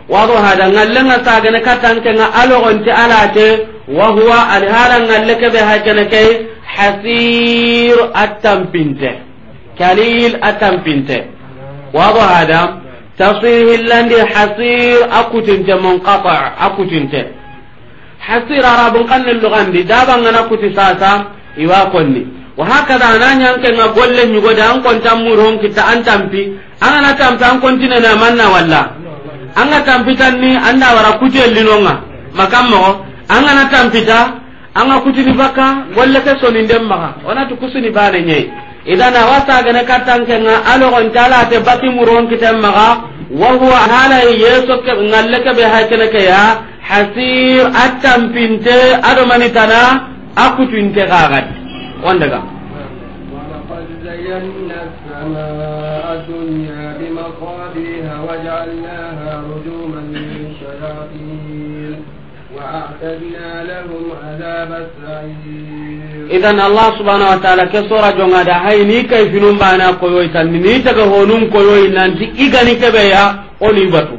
wado hada nga sagane katanke nga ala te wa huwa al haranga lekebe hakeneke hasir attampinte kalil attampinte wado hada tasihillandi hasir akutinte munqata akutinte hasir arabun kanne lugandi dabangana kuti sasa iwa konni wa hakada ananyanke nga golle nyugoda an konta murhon kita an tampi angana tampi an kontine na manna walla anga tampitan ni anda wara kujellinonga makammo angana tampita anga kutini baka wala ke sonin dem ona to kusuni bane nye idan awa sagane kattanke nga tala te bati muron kiten maga huwa hala yeso ke ngalle ke be hakene ke ya hasir pinte ado manitana akutinte kagadi ondaga زينا السماء الدنيا بمصابيها وجعلناها رجوما وأعتدنا لهم عذاب السعير إذا الله سبحانه وتعالى كسورة جونا دا هاي ني كيف نمبانا قيوي تنمي تغا هونم قيوي نانتي إغاني كبيا أولي باتو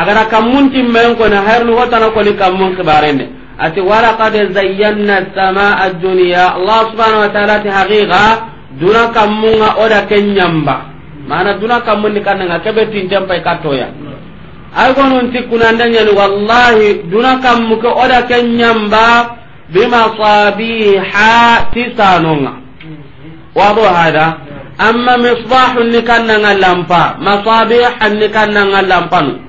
agara kammun timmen kone hayarnu hotana koni kammun kibarende ati walaqad zayyanna samaa ad-dunya allah subhanahu wa ta'ala ti haqiqa duna kammunga oda kenyamba mana duna kammun ni kananga kebe ay gonon ti kunandanya ni wallahi duna kam muke oda ken nyamba bima sabiha tisanonga wado hada amma misbahun ni kannanga lampa masabihan ni kannanga lampanu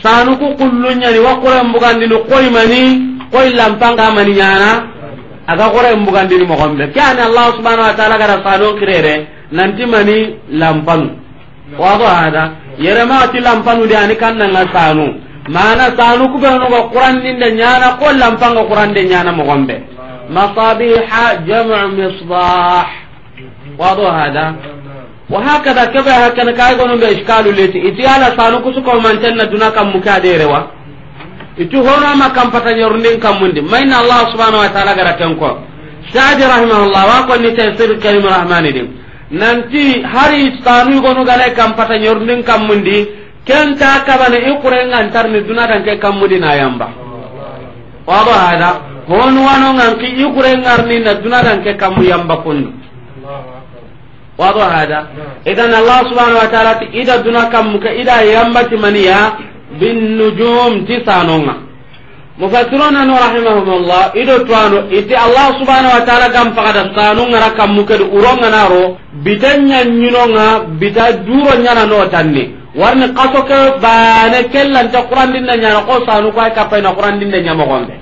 sanu ku kullunya ni wa quran bugandi ni koy mani koy lampanga mani nyana aga quran bugandi ni mogombe kana allah subhanahu wa ta'ala gara sanu kirere nanti mani lampanu wado hada yerema ti lampanu de ani kan nga sanu mana sanu ku beno ko qur'an nin de nyana ko lampan ko qur'an de nyana mo gombe masabiha jam'u misbah wado hada wa hakada kaba hakana kay gono be iskalu leti iti ala sanu ku su ko mantenna dunaka muka de rewa itu hono ma kam patanya rundin kam mundi maina allah subhanahu wa ta'ala gara ko sa'di rahimahullah wa ko ni tafsir kalim rahmani nanti hari istanu gonu gane kam pata nyorndin kammundi ken ta kabane i ni ntarni dunadan ke kammudi na yamba wado hada honu wano nganki i kurengarni na dunadan ke kammu yamba kundu wado hada idan allah subhanahu wa ta'ala ida duna kammu ka ida yamba timaniya bin nujum tisanonga mufassirona no rahimahumullah ido twano iti allah subhanahu wa ta'ala gam fagada sanu ngara kammuke do uronga naro bitanya nyinonga bita duro nyana no tanni warni qaso ke bane kellan ta qur'an dinna nyana ko sanu ko ay kapena qur'an dinna nyama gombe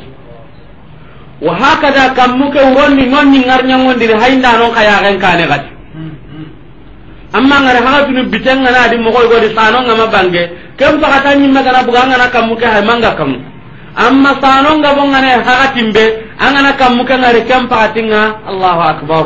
wa hakada kammuke uronni nonni ngarnya ngondi re hainda no kaya ren kane gati amma ngara hakatunu bitanga na di mo ko di sanu ngama bange kem fagata nyimma kana buganga na kammuke hay manga kammuke amma sanon ga bongane hakatin be angana kammu kan ari kan patinga Allahu akbar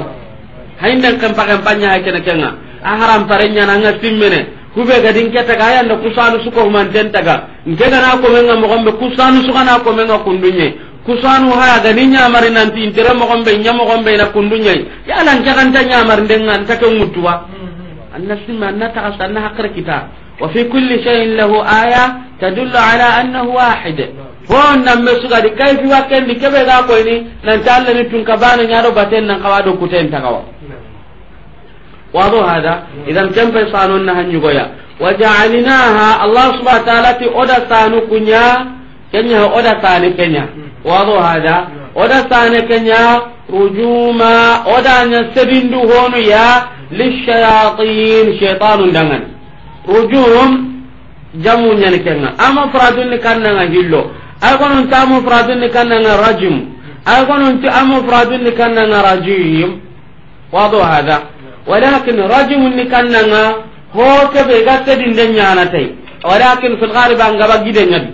hainden kan pakan panya kena kenga aharam parenya nanga timmene kube ga din keta ga yanda kusanu suko man tentaga ngeda na ko menga mo gombe kusanu suka na ko menga kundunye kusanu ha ga ni nyamari nanti intere mo gombe nyamo gombe na kundunye ya lan jagan ta nyamari dengan ta ke mutuwa mm-hmm. annasimma annata asanna hakra kita wa fi kulli shay'in lahu aya تدل على أنه واحد هون نمي سغادي كيف يوكن دي كبه غا كويني ننتال لني تنكبان نيارو باتين ننقوادو كتين تقوى واضح هذا إذا كم فيصانون نهن يقويا وجعلناها الله سبحانه وتعالى تي أودا سانو كنيا كنيا أودا ساني كنيا واضح هذا أودا ساني كنيا رجوما أودا نسبين دهون يا للشياطين شيطان دنغن رجوم jamu nyani kenga ama faradun ni kanna nga hillo ay kono nta amu faradun ni kanna nga rajim ay kono nta amu faradun ni kanna nga rajim wado hada walakin rajim ni kanna nga ho ke be gatte din den nyana tay walakin fil ghalib an gaba gide ngabi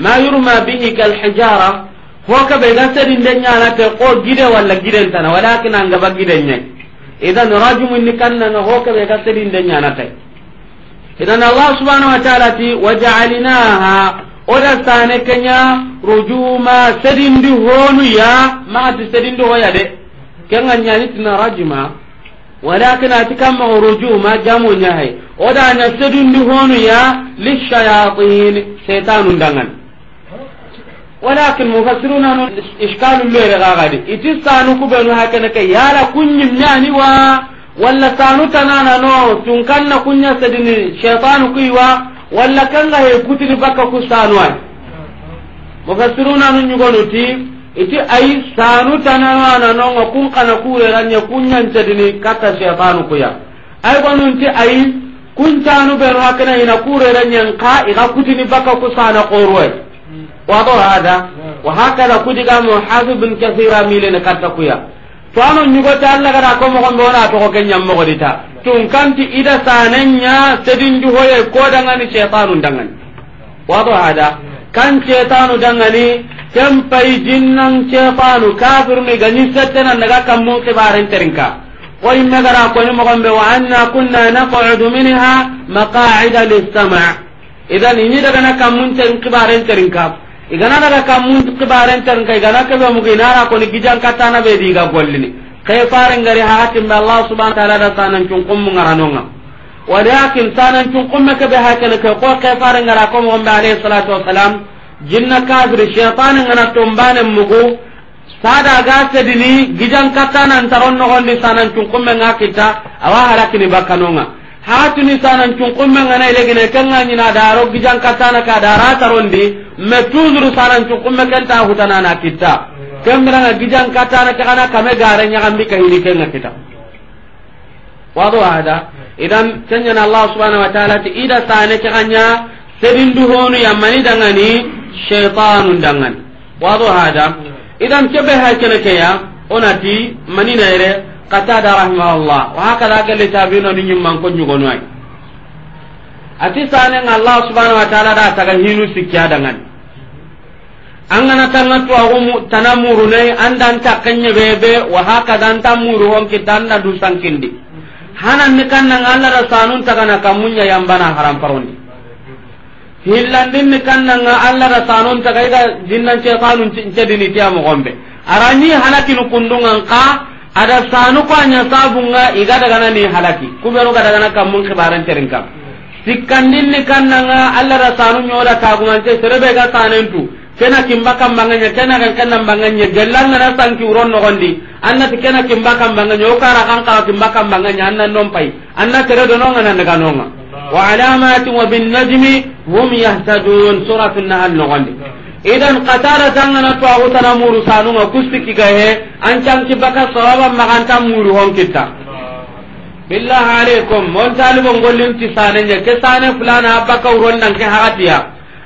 ma yurma bihi kal hijara ho ke be gatte din den nyana tay ko gide walla gide tan walakin an gaba gide nyai idan rajim ni kanna nga ho ke be gatte din den nyana tay idan allah subhanahu wa ta'ala ti waja'alnaha oda sane kenya rujuma sedindi honu ya sadin sedindi hoya de kenga nyani tina rajima walakin ati kama rujuma jamu nyahay oda nya sedindi honu ya lishayatin setanun dangan walakin mufassiruna no iskalu lere gagadi itis sanu kubenu hakana kay yala kunyim nyani wa walla sanu tanana no tun kanna kunya sedini shaytan kuiwa walla kanga he kutiri baka ku sanu ay mufassiruna nun nyugonu ti iti ay sanu tanana no ngo kun kana kure ranya kunya sedini kata shaytan kuya ay gonun ti ay kun tanu beru hakana ina kure ranya ka ina kutini baka ku sana qorwai wado hada hmm. wa hakala kudiga mu bin kathira milene kata kuya to ano ñugota allah gara ko mo gondo na mogonɓe wona toxo ke ñammoxodita tun kanti ida sedin du hoye ko dangani setanu dangani wato hada kan cheitanu dangani ken pay jinnan cheitanu kafirni gañi settenan daga kammun kibarenterinka gara ko mo mogonɓe wa anna kunna naqudu minha maqaida lisama idan daga iñi mun kammun ten terinka igana daga kamun kibaren tan kai gana kebe mu gina nara ko ni gijan na be diga gollini kai faren gari ha hatim Allah subhanahu wa ta'ala da tanan cun kum ngaranonga walakin tanan cun kum ka be hakana ka ko kai faren gara ko mu ba alayhi salatu wassalam jinna kafir shaytan ngana tombane mugo sada ga sedini gijan nan taron no gondi tanan cun kum nga kita awa harakini bakanonga hatuni sanan cun kumme ngana ilegine kenga nyina daro gijan katana ka dara tarondi me tuzuru sanan cun kumme kenta hutana na kita kemra nga gijan katana ka kana kame gare nya kambi ka hili kenga kita wado ada idan tanya na allah subhanahu wa ta'ala ti ida sane ka kanya sedindu honu mani dangani syaitanun dangani wado ada idan kebe ha ke ya onati na ere qatada rahimahullah wa hakada galle tabino ni nyimman ko nyugono ay ati sane allah subhanahu wa ta'ala da taga hinu sikya dangan angana tanga to agum tanamuru ne andan takanya bebe wa hakada antamuru hon hanan ni taga kamunya yambana haram hillandin ni tiya mo gombe arani hanakinu kundungan ka ada sanu ko anya sabunga iga daga na ni halaki kubenu ga daga na kam mun khabaran terin kam sikkandin ni kannanga alla da sanu nyola tagumante serebe ga tu kena kimba kam manganya kena kan kan manganya gelang na na sanki uron no gondi anna ti kena kimba kam manganya o kara kan ka kimba kam manganya anna pai anna tere do nonga nan daga nonga wa alamati wa bin najmi hum yahtadun suratun nahl no gondi idan qatara tangana to awutana muru sanunga kusti kiga he ancan kibaka sawaba maganta muru hon kita billah alaikum mon talibo ngollin ti sane nya ke sane fulana abaka uron dan ke hakatiya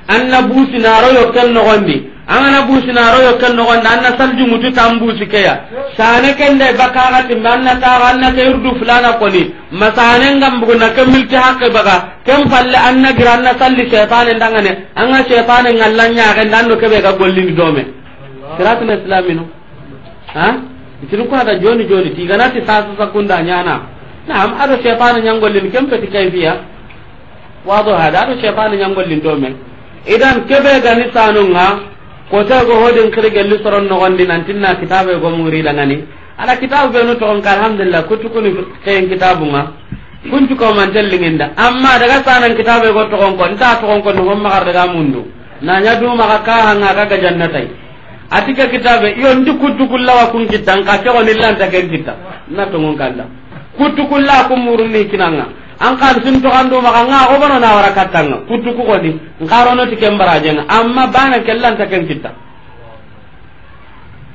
anna busi naro yokken no gondi angana businaro yo ken nogonde anna saljumutu tan busikeya sane kende bakagatimbe manna ta anna ke urdu fulana koni masane na ke milti hakke baga ken falle anna gira salli setane ndangane anga ngallanya ke ñagende ke keɓe ga ni dome siratuna islamino a ko ada joni joni tiganati sasa sakunda ñana naam aɗo setane ni ken peti biya wado hada aɗo golli ni dome idan keɓe gani sanonga kota go hodin kire gelli soron no gondi nan na kitabe go muri dangani ala kitabe be no to on alhamdulillah kutu kuni kayen kitabu ma kuntu ko man tellinginda amma daga sanan kitabe go to on ko nta to on ko no ma gar daga mundu na nya du ma ka hanga ga ga jannatai atika kitabe iyo ndi kutu wa kun kitan ka ke on illan ta ke kitta na to on kala kutu ku muruni kinanga an kan sun to an do ma kan ko bana na wara katanga putu ku ko di ngaro no tike mbara jen amma bana kellan ta ken kita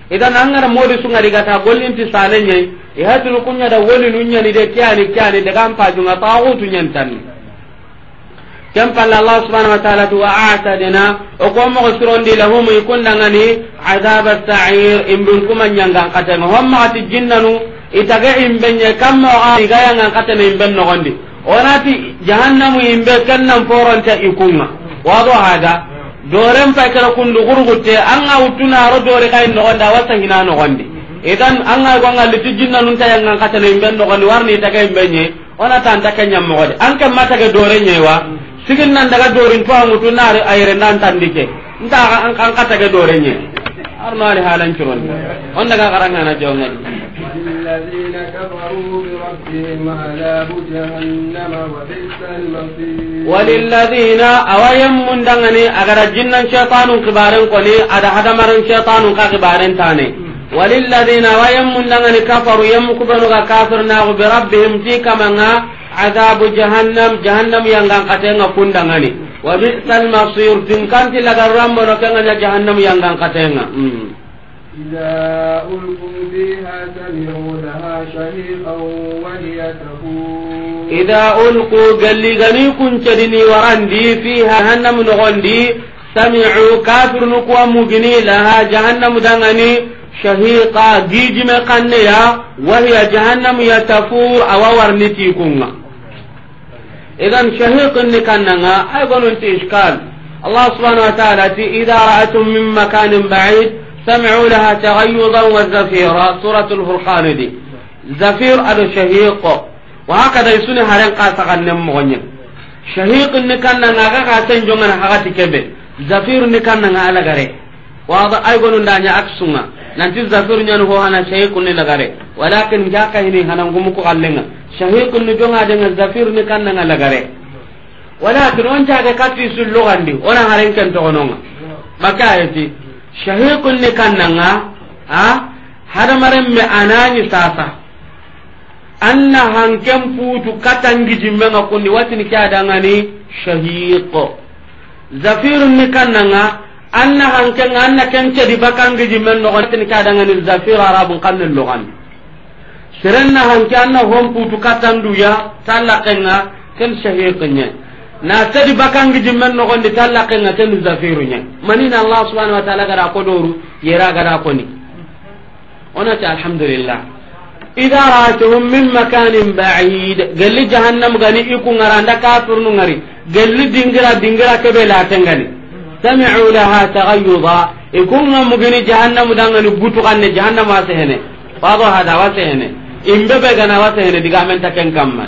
idan an ngara modi sunga diga ta gollin ti sale nyai e hatu nya da woli nya ni de kyani kyani de kan paju nga ta o tunyan tan pa la allah subhanahu wa ta'ala tu dina o ko mo surondi lahum ikun ngani azab as-sa'ir bin kuma nyanga katanga homma ati jinnanu itage imbenye kamma o ga yanga katana imben no gondi onati jahannamu imbe kennan foronta ikunga wado hada doren pay kun kundu gurgutte anga utuna ro dore kayi no onda wasa hina no gonde idan anga gonga liti jinna nun tay anga katana imbe no gonde warni taga imbe nye onata tan taga nyam mo an anka mata ga dore nyewa sigin nan daga dorin to amu tunare ayre nan tan nta an kan kata ga dore nye arno ali halan curon on daga karanga na jawngani ربهم عذاب جهنم وبئس المصير وللذين أويم من دغني أغرى جنا شيطان كبارن قني أدى هذا مرن شيطان كبارن تاني وللذين أويم من دغني كفروا يم كبنوا كافر ناغ بربهم في كمنا عذاب جهنم جهنم ينغان قتين كن دغني وبئس المصير تنكنت لغرام بنو كنا جهنم ينغان قتين إذا ألقوا فيها سمعوا لها شهيقا وهي تفور إذا ألقوا قال لي غني كنت ورندي فيها هنم نغندي سمعوا كافر نقوى مغني لها جهنم دغني شهيقا جيجم قنيا وهي جهنم يتفور أو ورنتيكم إذا شهيق نكننا أيضا أنت إشكال الله سبحانه وتعالى إذا رأتم من مكان بعيد سمعوا لها تغيظا وزفيرا سورة الفرقان دي زفير أدو شهيق وهكذا يسوني هرين قاسا غنم مغنين شهيق نكنا نغا قاسين جمعنا حغاتي كبه زفير نكنا نغا لغري واضح أيقون دانيا أكسونا nanti zafir nyanu ho hana shaykun lagare walakin jaka hini hana ngumu ko kallenga shaykun ni jonga dengan zafir ni kanna nga lagare walakin on jaga kati sul lugandi ona haren kan to ononga maka ayati shahiqun ne nan ha maran me anani sasa anna hanken putu wati ni kunni watini kadangani shahiq zafirun ni kannanga anna hanken anna kenche di bakangi men no watini kadangani zafir arabun kannel logan serenna hanke anna hom putu katanduya talakenga ken ne na sadi bakan jimmen nogondi tallakenga kendi zafiru ñeng manina allah subhanau wa taala gara kodoru yera gara koni onati alhamdulillah ida raatihum min makanin baid gelli jahannam gani iku ngara anda ngari dingira dingira samiu laha mugini hada gana ken kamma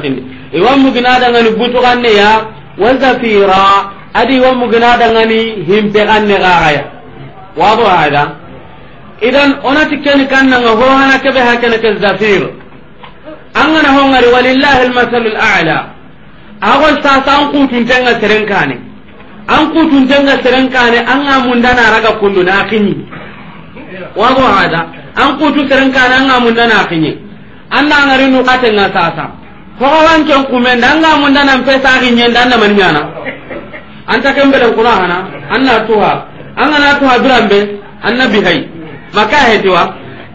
ken iwa mugina dangani butu kanne ya wa zafira adi iwa mugina dangani himpe kanne gagaya wabu hada idan onati keni kannanga hohana kebe hakene ke zafir angana ngari walillahi almasalul a'la agon sasa an kutuntenga seren kane an kutuntenga seren kane anga mundana raga kundu na kinyi wabu hada an kutu seren kane anga mundana kinyi anna ngari nu katenga sasa hoxowan ken kumen da anga mun dana pesa ginyen da andamani ñana anta ken belen kuna hana anna tuha angana tuha birambe anna bihay maka hetiwa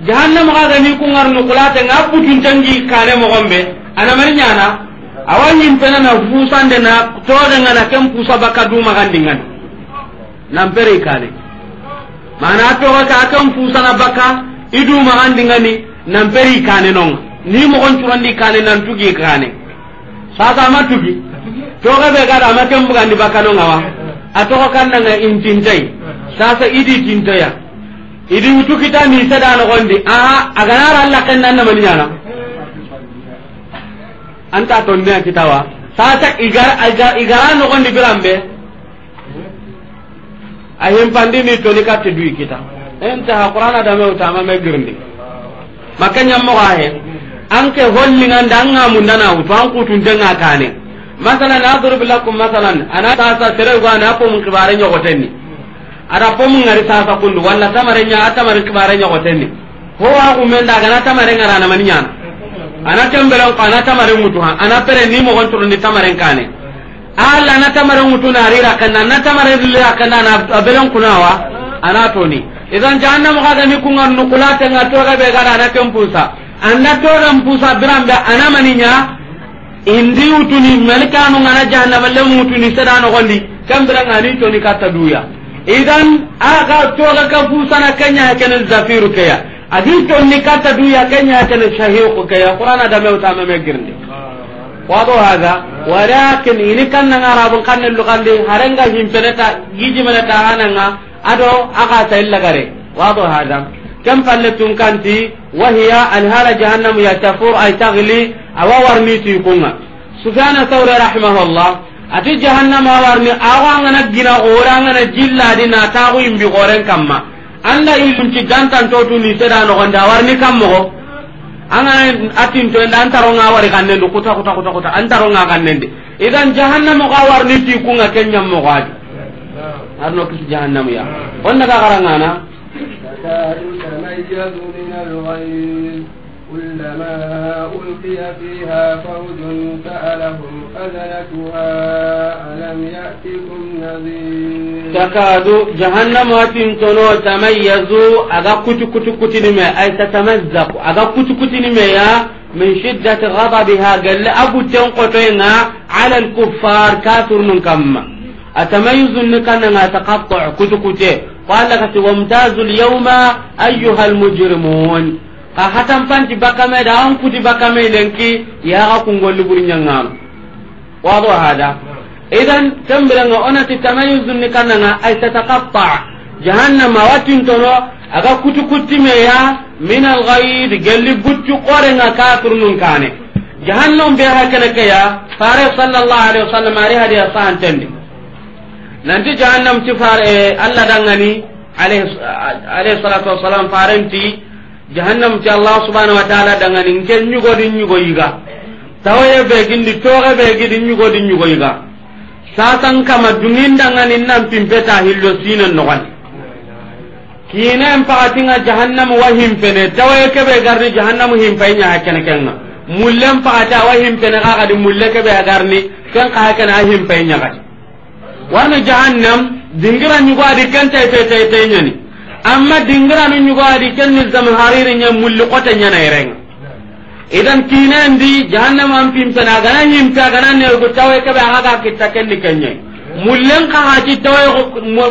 jahannama ga gani ku ngar nu kulate nga butun tangi kane mo gombe ana mari nyana awanyin tana na fusande na to de ngana kem pusa baka du magandingan nampere kale mana to ka kan pusa na baka idu magandingani nampere kane nonga ni mogon di kane nan tugi kane sasa ma tugi ga be gara ma kem bukan di bakano ngawa atoko kanna nga intintai sasa idi ya. idi utu kita ni sada no gondi kan a agana ralla nan na maniana anta ne kita wa sasa igar aja igara no gondi birambe pandi ni to ni katte dui kita enta qur'ana da me utama me girndi makanya mo ahem anke holligande an gamundana wutu an kutuntenga kane masalan adrib lakum masalan ana sasa serego ana mun kibare ñogotenni ada pomum ngari wala kundu walla nya ata mare kibare ñogotenni howa kumendagana tamare na ñana ana tembelen ko ana tamare mutu ha ana pere ni mogon turundi tamaren kane alla na tamare ŋutu nari rakanda na tamare rakanda ana belen kunawa ana toni idan jahannamu kagani kunga nukulatenga ga be gara ana kempusa anda toran pusa birambe anamaninya indi utuni malikanu ngana jahannama le mutuni sedano gondi kambira ngani toni katta duya idan aga toga ka pusana kenya kenen zafiru kaya adi toni katta duya kenya kenen shahiqu kaya qur'ana da mewta meme girndi wado hada walakin ini kanna arabun kanne lugande harenga himpeneta gijimeneta hananga ado aga ta illagare wado hada كم فلتون كانتي وهي أنهار جهنم يتفور أي تغلي أو ورنيتي كونا سفيان الثوري رحمه الله ati jahannama warni awa ngana gina ora ngana jilla di na tagu imbi goren kamma anda ilunti gantan to tu ni seda no gonda warni kammo go anga atin to nda antaro nga wari kanne ndu kuta kuta kuta nga kanne ndi idan jahannama ga warni ti kunga kenyam mo gadi ya حتى يتميز من الغيظ كلما ألقي فيها فوج سألهم خزنتها ألم يأتكم نذير تكاد جهنم تنو تميزوا أغا كتو كتو كتنما أي تتمزق أغا كتو كتنما يا من شدة غضبها قال أبو تنقطينا على الكفار كافر من كم أتميز النكنا تقطع كتو كتو qala kati wamtazul yawma ayyuhal mujrimun ka hatan panti bakame da an kuti bakame lenki ya ka kungolli burinyangam wado hada idan tambiranga onati tamayuzun ni kananga ay tatakaffa jahannama watin tono aga kutu kutti meya min alghaid gelli buttu qorenga kafirnun kane jahannam be hakana kaya fare sallallahu alaihi wasallam ari hadiya sahantendi nanti jahannam ti fare allah dangani alayhi salatu wassalam farenti jahannam ti allah subhanahu wa ta'ala dangani nken nyugodi nyugo yiga tawaye be gindi toge be gidi nyugodi nyugo yiga sasan kama dungin dangani nan pimpeta hillo sinan nogan kinen pakatinga jahannam wa himpene tawaye kebe garni jahannam himpainya hakene kenga mullen pakata wa himpene kakadi mulle kebe agarni ken kahakene a himpainya kadi wano jahannam dingira nyugo adi ken tay tay tay tay nyani amma dingira no nyugo adi ken ni zam hariri nya mulli kota nyana ireng idan di jahannam am pim sana gana nyim ta gana ne go tawe ke ba ga kitta ken ni kenye mullen ka ha ti tawe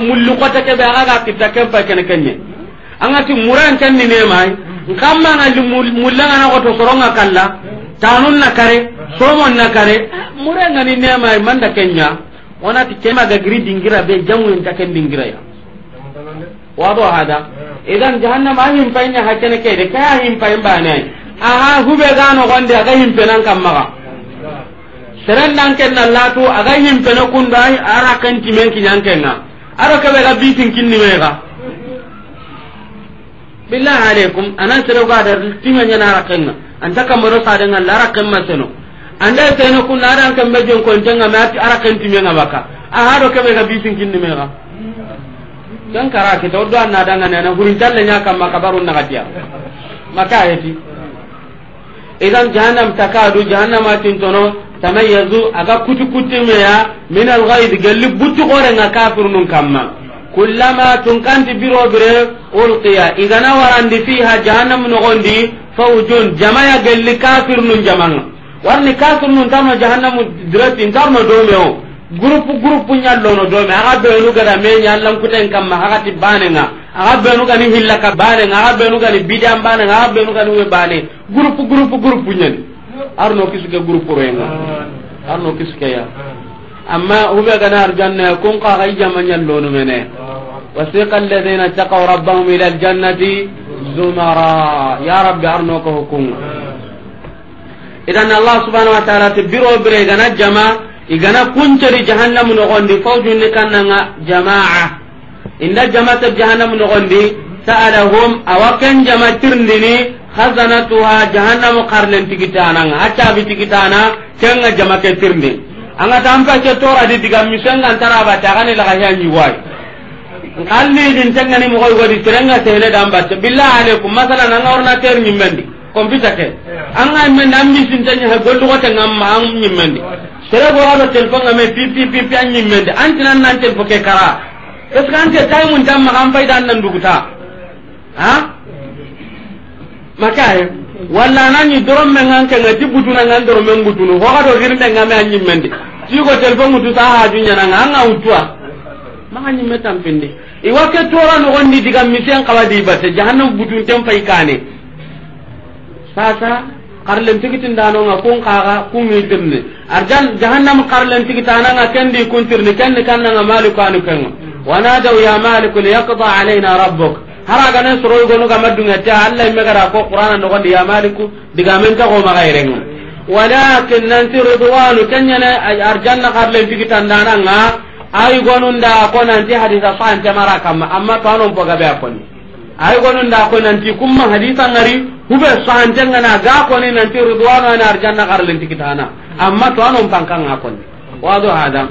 mulli kota ke ba ga kitta ken pa ken kenye ti muran tan ni ne mai kamma na mullen ana go to soronga kalla tanun na kare somon na kare ah, muran ni ne mai manda kenya onati kema ga giri dingira be jamu ta ken dingira ya wado hada idan jahannam a ya panya hakene ke de kaya him pay bane aha hube ga no gonde aga him penan kamma seren dan ken na latu aga him penan kunda ara kan timen kinyan kenna ara ka be ga bitin kinni me ga billahi alaikum anan sere ga dar timen yana ara kenna anta kamaro sadan Allah lara kenna seno anda tene kunna aran kan be jon kon tanga ma ati ara kan timenga baka a hado kebe ga bisin kinni mega dan kara ke to do anna dan nana hurin talle nya kam maka barun naga dia maka yati idan jahannam takadu jahannam tin tono tamayyazu aga kutu kutu meya min al-ghaib galli buttu gore nga kafirun kamma kullama tunkanti biro bire ulqiya igana warandi fiha jahannam nogondi fawjun jamaya galli kafirun jamanga warni kafir nun tamma jahannamu direct intarno dome o groupe groupe ñallono dome aga benu gada me ñallankuten kamma agati banenga aga benu gani hilla ka banenga aga benu gani bidan banenga aga benu gani we bane groupe groupe groupe ñani arno kisuke groupe roenga arno kisuke ya amma hube gana arjanna kun ka ga jama ñallono mene wasiqa alladhina taqaw rabbahum ila aljannati zumara ya rabbi arno ko hukunga idan allah subhanahu wa ta'ala ti biro bire gana jama igana kunceri jahannamu nogondi fawjunni kannanga jamaa inda jamata jahannamu nogondi sa'alahum awaken jama tirndini khazanatuha jahannamu karlen tigitananga acabi tigitana kenga jama ke tirndi anga tampa ke tora di diga misenga antara bata kan la kaya ni wai kalli din tanga ni mo go di terenga tele damba billah alaikum masalan anga orna ter nyimbendi computer ke an ga men nan mi sin tan ha gollu ko tan ma an nyimmende sere go hado telephone ngame pi pi pi pi an nyimmende an tinan nan telephone ke kara es kan te tay mun tan ma kan fayda nan duguta ha maka he wala nan ni dorom men an kan ngati butuna nan dorom men butunu ho hado girnde ngame an nyimmende ti ko telephone mutu ta ha junya nan an ga utua maka nyimme tan pinde iwa ke tora no gondi diga misen kawadi bate jahannam butun tan fay kane sasa karlen tigitin dano nga kun kaga kun yidirni arjan jahannam karlen tigitana nga kendi kuntirni kenni kanna nga maliku anu kenga wanadaw ya maliku liyaqda alaina rabbuk haraga ne suru go no gamadu ngata allah me gara ko qur'ana no gondi ya maliku diga men ta go ma gairenga walakin nanti ridwanu kanyana arjanna karlen tigitan dana nga ay da ko nan nanti hadisa fa'an tamara kam amma to anon boga be akoni ay da ko nan nanti kumma hadisa ngari kube sohantenga na ga koni nanti ridwanu ana arjanna garlenti kitana amma to anon pankanga koni wado hada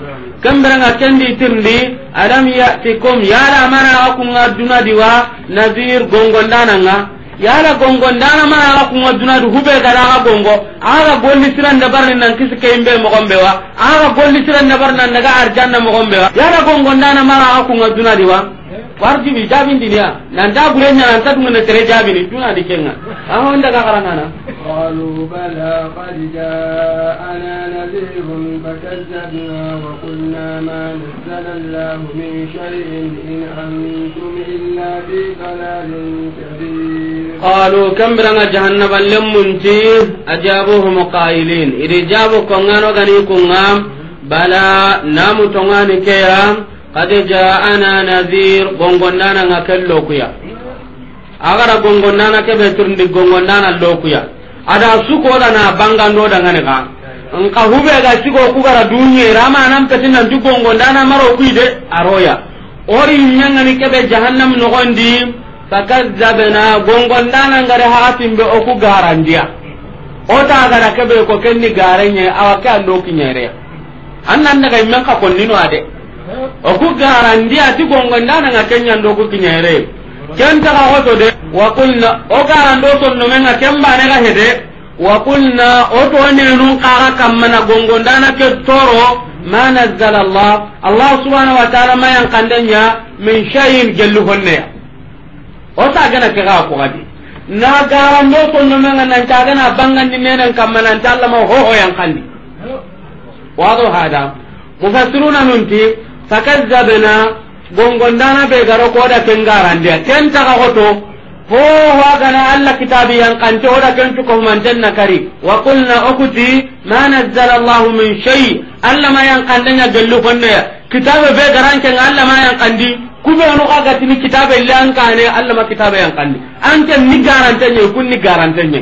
kemberenga kendi tirndi alam yatikum yala mana akunga duna diwa nadir gongondananga yala gongondana mana aga kunga dunadi hube gada aga gongo aga golli sirande barni nan kisi keimbe mogombe wa aga golli siran barni nan daga arjanna mogombe wa yala gongondana mana aga kunga dunadi wa warji bi jabin dinya nan da gure nya nan tadu ne tere jabini tuna dikenga amma wanda ka karanga na qalu bala qad ja'ana nadhirun fakazzabna wa qulna ma nazzala allah min shay'in in antum illa fi dalalin kabir qalu kam biranga jahannama lemmunti ajabuhum qailin idi jabu kongano gani kungam bala namu tongani keya قد جاءنا نذير غونغوندانا نكلوكيا agara gongondana keɓe turndi gongondana lokuya ada sukoɗana bangandoɗangane ka nka huɓega sigo kugara duñera amanan petinanti gongondana maro kui de aroya ori ñangani keɓe jahannam zabena fakadabna gongondana ngare haatimɓe oku o ku gara kebe ko kenni gareñe awa ndo kinyere annan an nan daga imen ka no ade oku garandi ati gongondananga kenñando ku kiñayre kentaxa xoto de waqulna o garando nga ken mbanexa hede waqulna o toonenun qaxa kammana gongondana ke toro ma nazzala allah allah subhanau wa taala ma yankandenya min shayin gelli honneya o sagana ke xa koxadi na garando sonnomenga nantagana bangandi nenen kamma nanti allama hoho yankandi wado hada mufassiruna nunti fakazzabna gongondana be garo koda kengarande ken taga goto ho wa gana alla kitabi yang kante oda ken man manten nakari wa qulna ukuti ma nazzala allah min shay alla ma yang kandanya gallu konne kitabe be ken alla ma yang kandi kube ka gati ni kitabe lan kane alla ma kitabe yang kandi ken ni garante ne kun ni garante nyi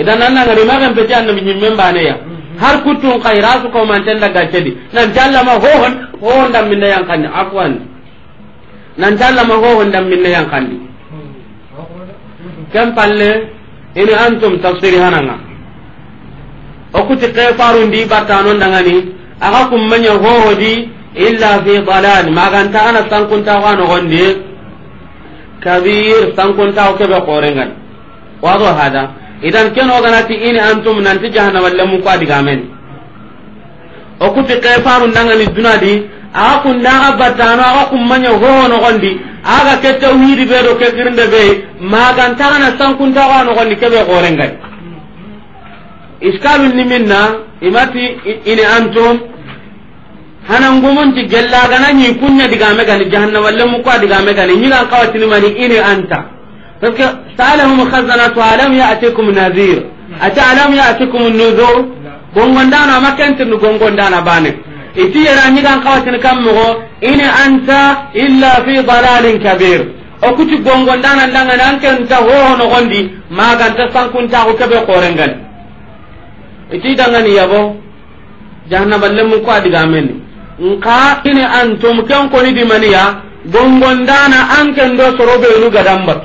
idan nan ngari magan be janna min nyimme ne ya har kutun kai rasu ko man tan daga gacedi nan jalla ma hohon hohon dam minna yang kandi afwan nan jalla ma hohon dam minna yang kandi kan palle ini antum tafsiri hananga o okuti ke faru ndi batano ndangani aga kummenya hoho di illa fi dalal maganta ana sankunta wano gondi kabir sankunta ko be qorengan wado hada idan keno ganati ini antum nanti jahannamalle mun ko adigamen o kuti kefaru ndangani dunadi aga kunda aga battano aga kummanya hohonogondi aga ke tawhidi ɓe ɗo ke girnde ɓe magantagana di anogondi keɓe horengadi iskalu ni minna imati ini antum hanangumunti gellagana ñi kunya digame gani jahannamalle mu ko gani ñigan kawatini ini anta parce que sa'alahum khazanatu alam ya'tikum nadhir ata alam ya'tikum an-nuzur gongondana makente nu gongondana bane iti yara ni kan kawatin kam mo in illa fi dalalin kabir o kuti gongondana ndanga nan ken gondi maga ta sankun ta iti dangani yabo jahannaba lemu ko adiga nka ine antum kan ko dimaniya gongondana an do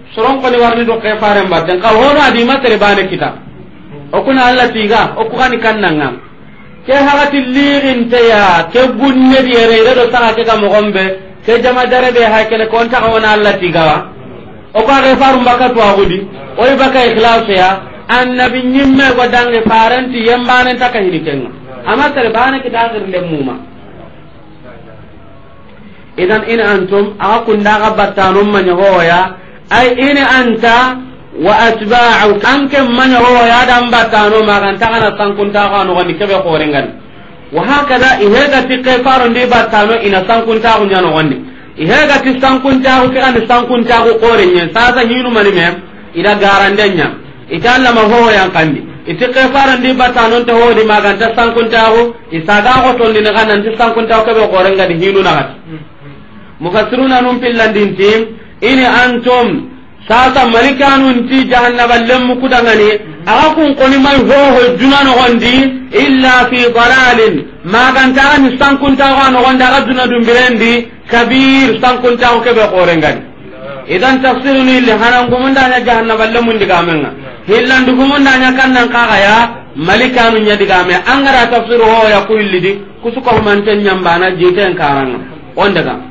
soron ni warni do ke faren batten kal hono adi masere bane kita o kuna alla tiga o kan kan nanga ke hagati lirin te ya ke bunne di yere re do saka ke ka gombe ke jama dare be ha le kon ta wona alla tiga wa o ko ke farum baka to agudi o yi baka ikhlas ya annabi nyimme go dange ti yembane ta kayi hinikenga amma sare bane kita ngir lemuma idan in antum aga kunda ga battanum manyagoya ay in anta wa atba'u an kem manya wo ya dan batano ta kana ta ka no ni kebe khorengan wa hakada ihega ti kefaro ndi batano ina sankunta ko nyano wonni ihega ti ta ko kan sankunta ko sa sa hinu mani me ida garandenya italla ma ho yan kandi iti kefaro ndi batano to ho di maganta sankunta ko isaga ko to mm, mm. ndi kana ndi ta ko kebe khorengan hinu na mufassiruna num tim ini antum sasa malikanunti jahannaba lemmu kudangani aga kun koni mai hoho juna nogondi illa fi dalalin magantaani sankuntaxoa nogondi aga duna dumbirendi kabir sankuntaxo keɓe korengani idan tafsiruni li hanangumundaña jahannaba lemmundigamenga hillandigumundaña kannan kaxaya malikanu ñadigame angara tafsir hoya kuyillidi kusukohumante ñambana jiten karanga on daga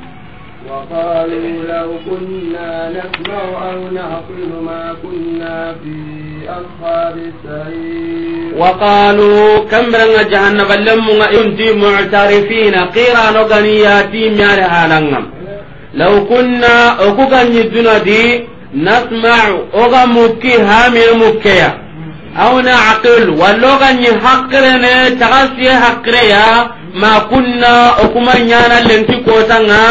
وقالوا لو كنا نسمع أو نعقل ما كنا في أصحاب السعير وقالوا كم رنا جهنم لم ينتي معترفين قيرا نغنياتي ميار هالنغم لو كنا أكوغني دي نسمع أغا مكي هامير مكيا أو نعقل ولغني حقرنا تغسي حقريا ما كنا أكما نانا لنتي كوتنا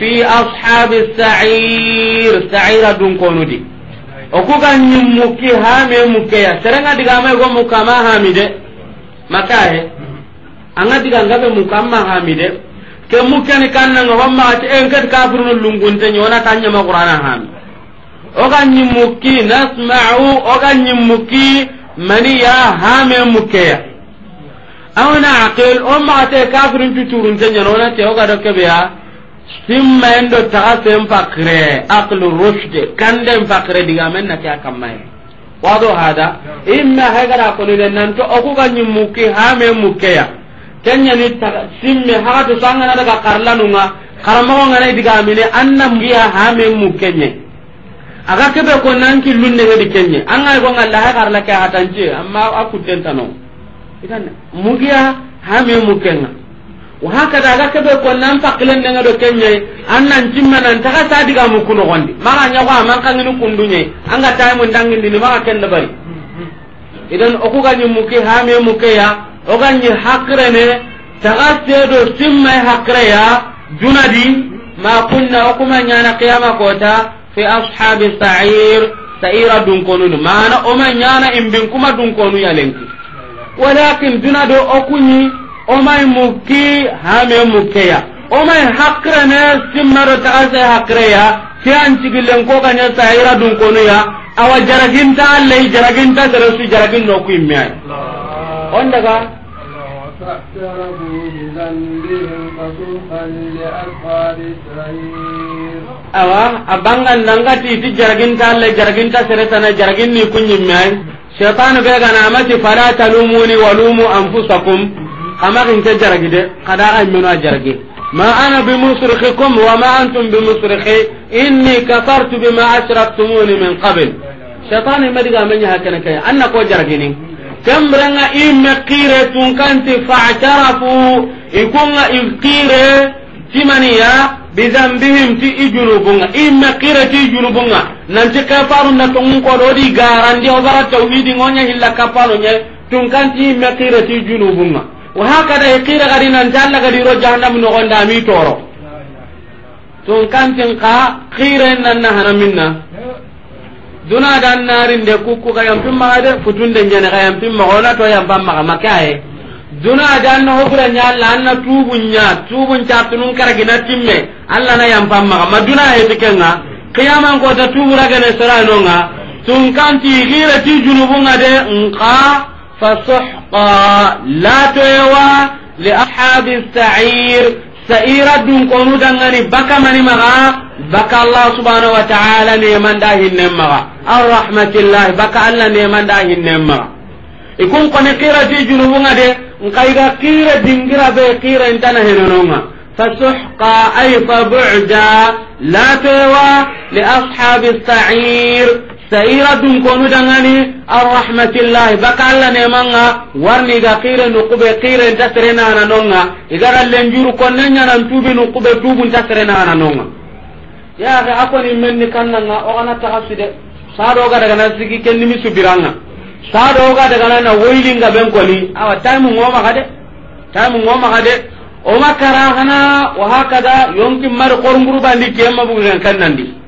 fi ashabi sa'ir sa'ira dun konudi o ku ga nyim muki ha me mukke ya serenga diga mai go mukka ma ha mi de maka he anga diga ngabe mukka ma ha mi de ke mukke ni kanna ngo ma ati en kat kafir no lungun te nyona tanya ma qur'ana ha mi o ga nyim muki nasma'u o ga nyim muki mani ya ha me mukke ya awna aqil o ma ati kafir tu turun te nyona te o ga do ke be ya simmen do taxa sen fakre aqlu rushd kanden fakre diga men na kya kamaye wado hada imma hagara ko ni nan to oku ga nyimuki ha me mukeya kenya ni simme ha to sanga daga karlanunga karamago ngana diga mine annam giya ha me mukenye aga kebe ko nan ki lunne ngadi kenye anga go ngalla ha karla ka hatanje amma akudden tano idan mugiya hame me mukenga wa hakada ga kebe ko nan pakilen daga do kenye annan cimma nan ta ka sadi ga mun kuno gondi maka nya ko man kan ni kundunye an ga tay mun dangin ni maka ken bari idan o ku ga ni muke ha muke ya o ga ni hakre ne ta ga se do cimma hakre ya junadi ma kunna o kuma man na qiyama ko ta fi ashabi sa'ir sa'ira dun konunu mana o man na imbin kuma dun konu ya lenki walakin dunado o omay mukki hame mukkeya omay hakrene simmaro tagase hakreya ke an cigillen ko ganya sahira dun konuya awa jaraginta allai jaraginta deresu jaragin no ku imme ay on daga awa abangan nangati ti jaraginta allai jaraginta seretana jaragin ni kunyimme ay shaytanu be gana amati fala talumuni walumu anfusakum kama kin ke jaragi de kada ay meno a jaragi ma ana bi musrikhikum wa ma antum bi musrikhi inni kafartu bima ashraktumuni min qabl shaytan ma diga kene hakana an na ko jaragi ni i me qire tun kanti fa'tarafu ikunga ifqire timaniya bizambihim ti i me qire ti ijunubunga nanti kafaru na tongun ko do di garandi o bara tawhidi ngonya hilla kafaru nye tun kanti i me qire ti junubunga wa hakada hikira gadi nan talla gadi ro jahannam no gonda mi toro to kan tin ka khire nan na hana minna duna dan narin de kukku ga yampim ma de futunde nyane ga yampim ma ona to yam pam ma makaye duna dan no hobra nyalla anna tubunya tubun chatunun karagina timme alla na yam pam ma maduna he tikenga qiyaman ko ta no nga tun de فسحقا لا تيوا لأصحاب السعير سعيرة دون كونو دنغني بكا من مغا بكا الله سبحانه وتعالى نيمان داهن مغا الرحمة الله بكا الله نيمان داهن مغا يكون قني قيرة في جنوبنا دي نقايدا قيرة دنجرة بي قيرة انتنا هنونونا فسحقا أي فبعدا لا تيوا لأصحاب السعير sairatun konu dangani arrahmatillahi baka alla manga warni ga qire no kube qire ta serena na nonga igara juru konne nyana tubi no kube tubu ta serena na nonga ya ga akoni menni nga o kana ta haside sado ga daga nan sigi kenni mi subiranga sado ga daga nan na nga ben koli awa time ngoma hade time ngoma hade o makara hana wa hakada yonki mar qornguru bandi kemma bugen kannandi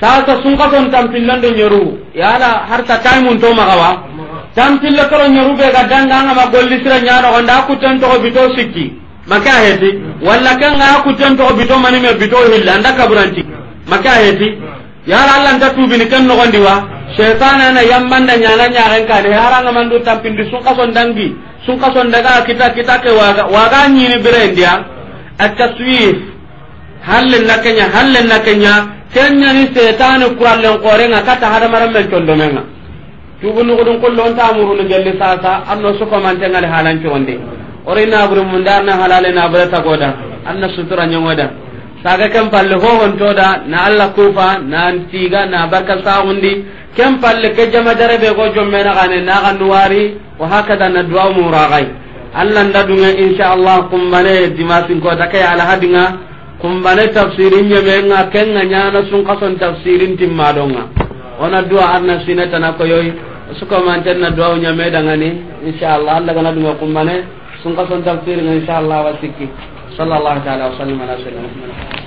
sasa sunka ton tampillando nyeru yala harta time to magawa tampille koro nyeru be ga danga ngama golli sira nyaaro onda kutan to bito sikki maka heti walla kan ga kutan to bito mani me bito hilla anda kaburanti maka heti yala allah nda tubi ni kan no gondi wa shaytan ana yammanda nyana nyaaren ka de haranga mandu tampindi sunka ton dangi sunka ton daga kita kita ke waga waga nyini bire ndia at taswif halle nakenya halle nakenya kenya ni setani kurallen korenga kata hadamaren men condomenga tubu nugudun kullon tamurunu gelli sasa anno sukomantengal halancoonde orina buri mundarna halale na ta tagoda anna sutura nyongoda saga kem palle ho hontoda na alla kufa na antiga na barka saundi kem palle ke jama darebe go na gane na ganuwari wa hakada na duwa muragai alla ndadunga insha Allah kumbane dimasin ko takai ala hadinga kumbane tafsirin yemenga kenga nyana sun kason tafsirin timmadonga ona dua arna sineta na koyoy suka manten na dua nyame dangani inshallah Allah kana dua kumbane sun kason tafsirin inshallah wasiki sallallahu ta'ala wa sallam ala sayyidina muhammad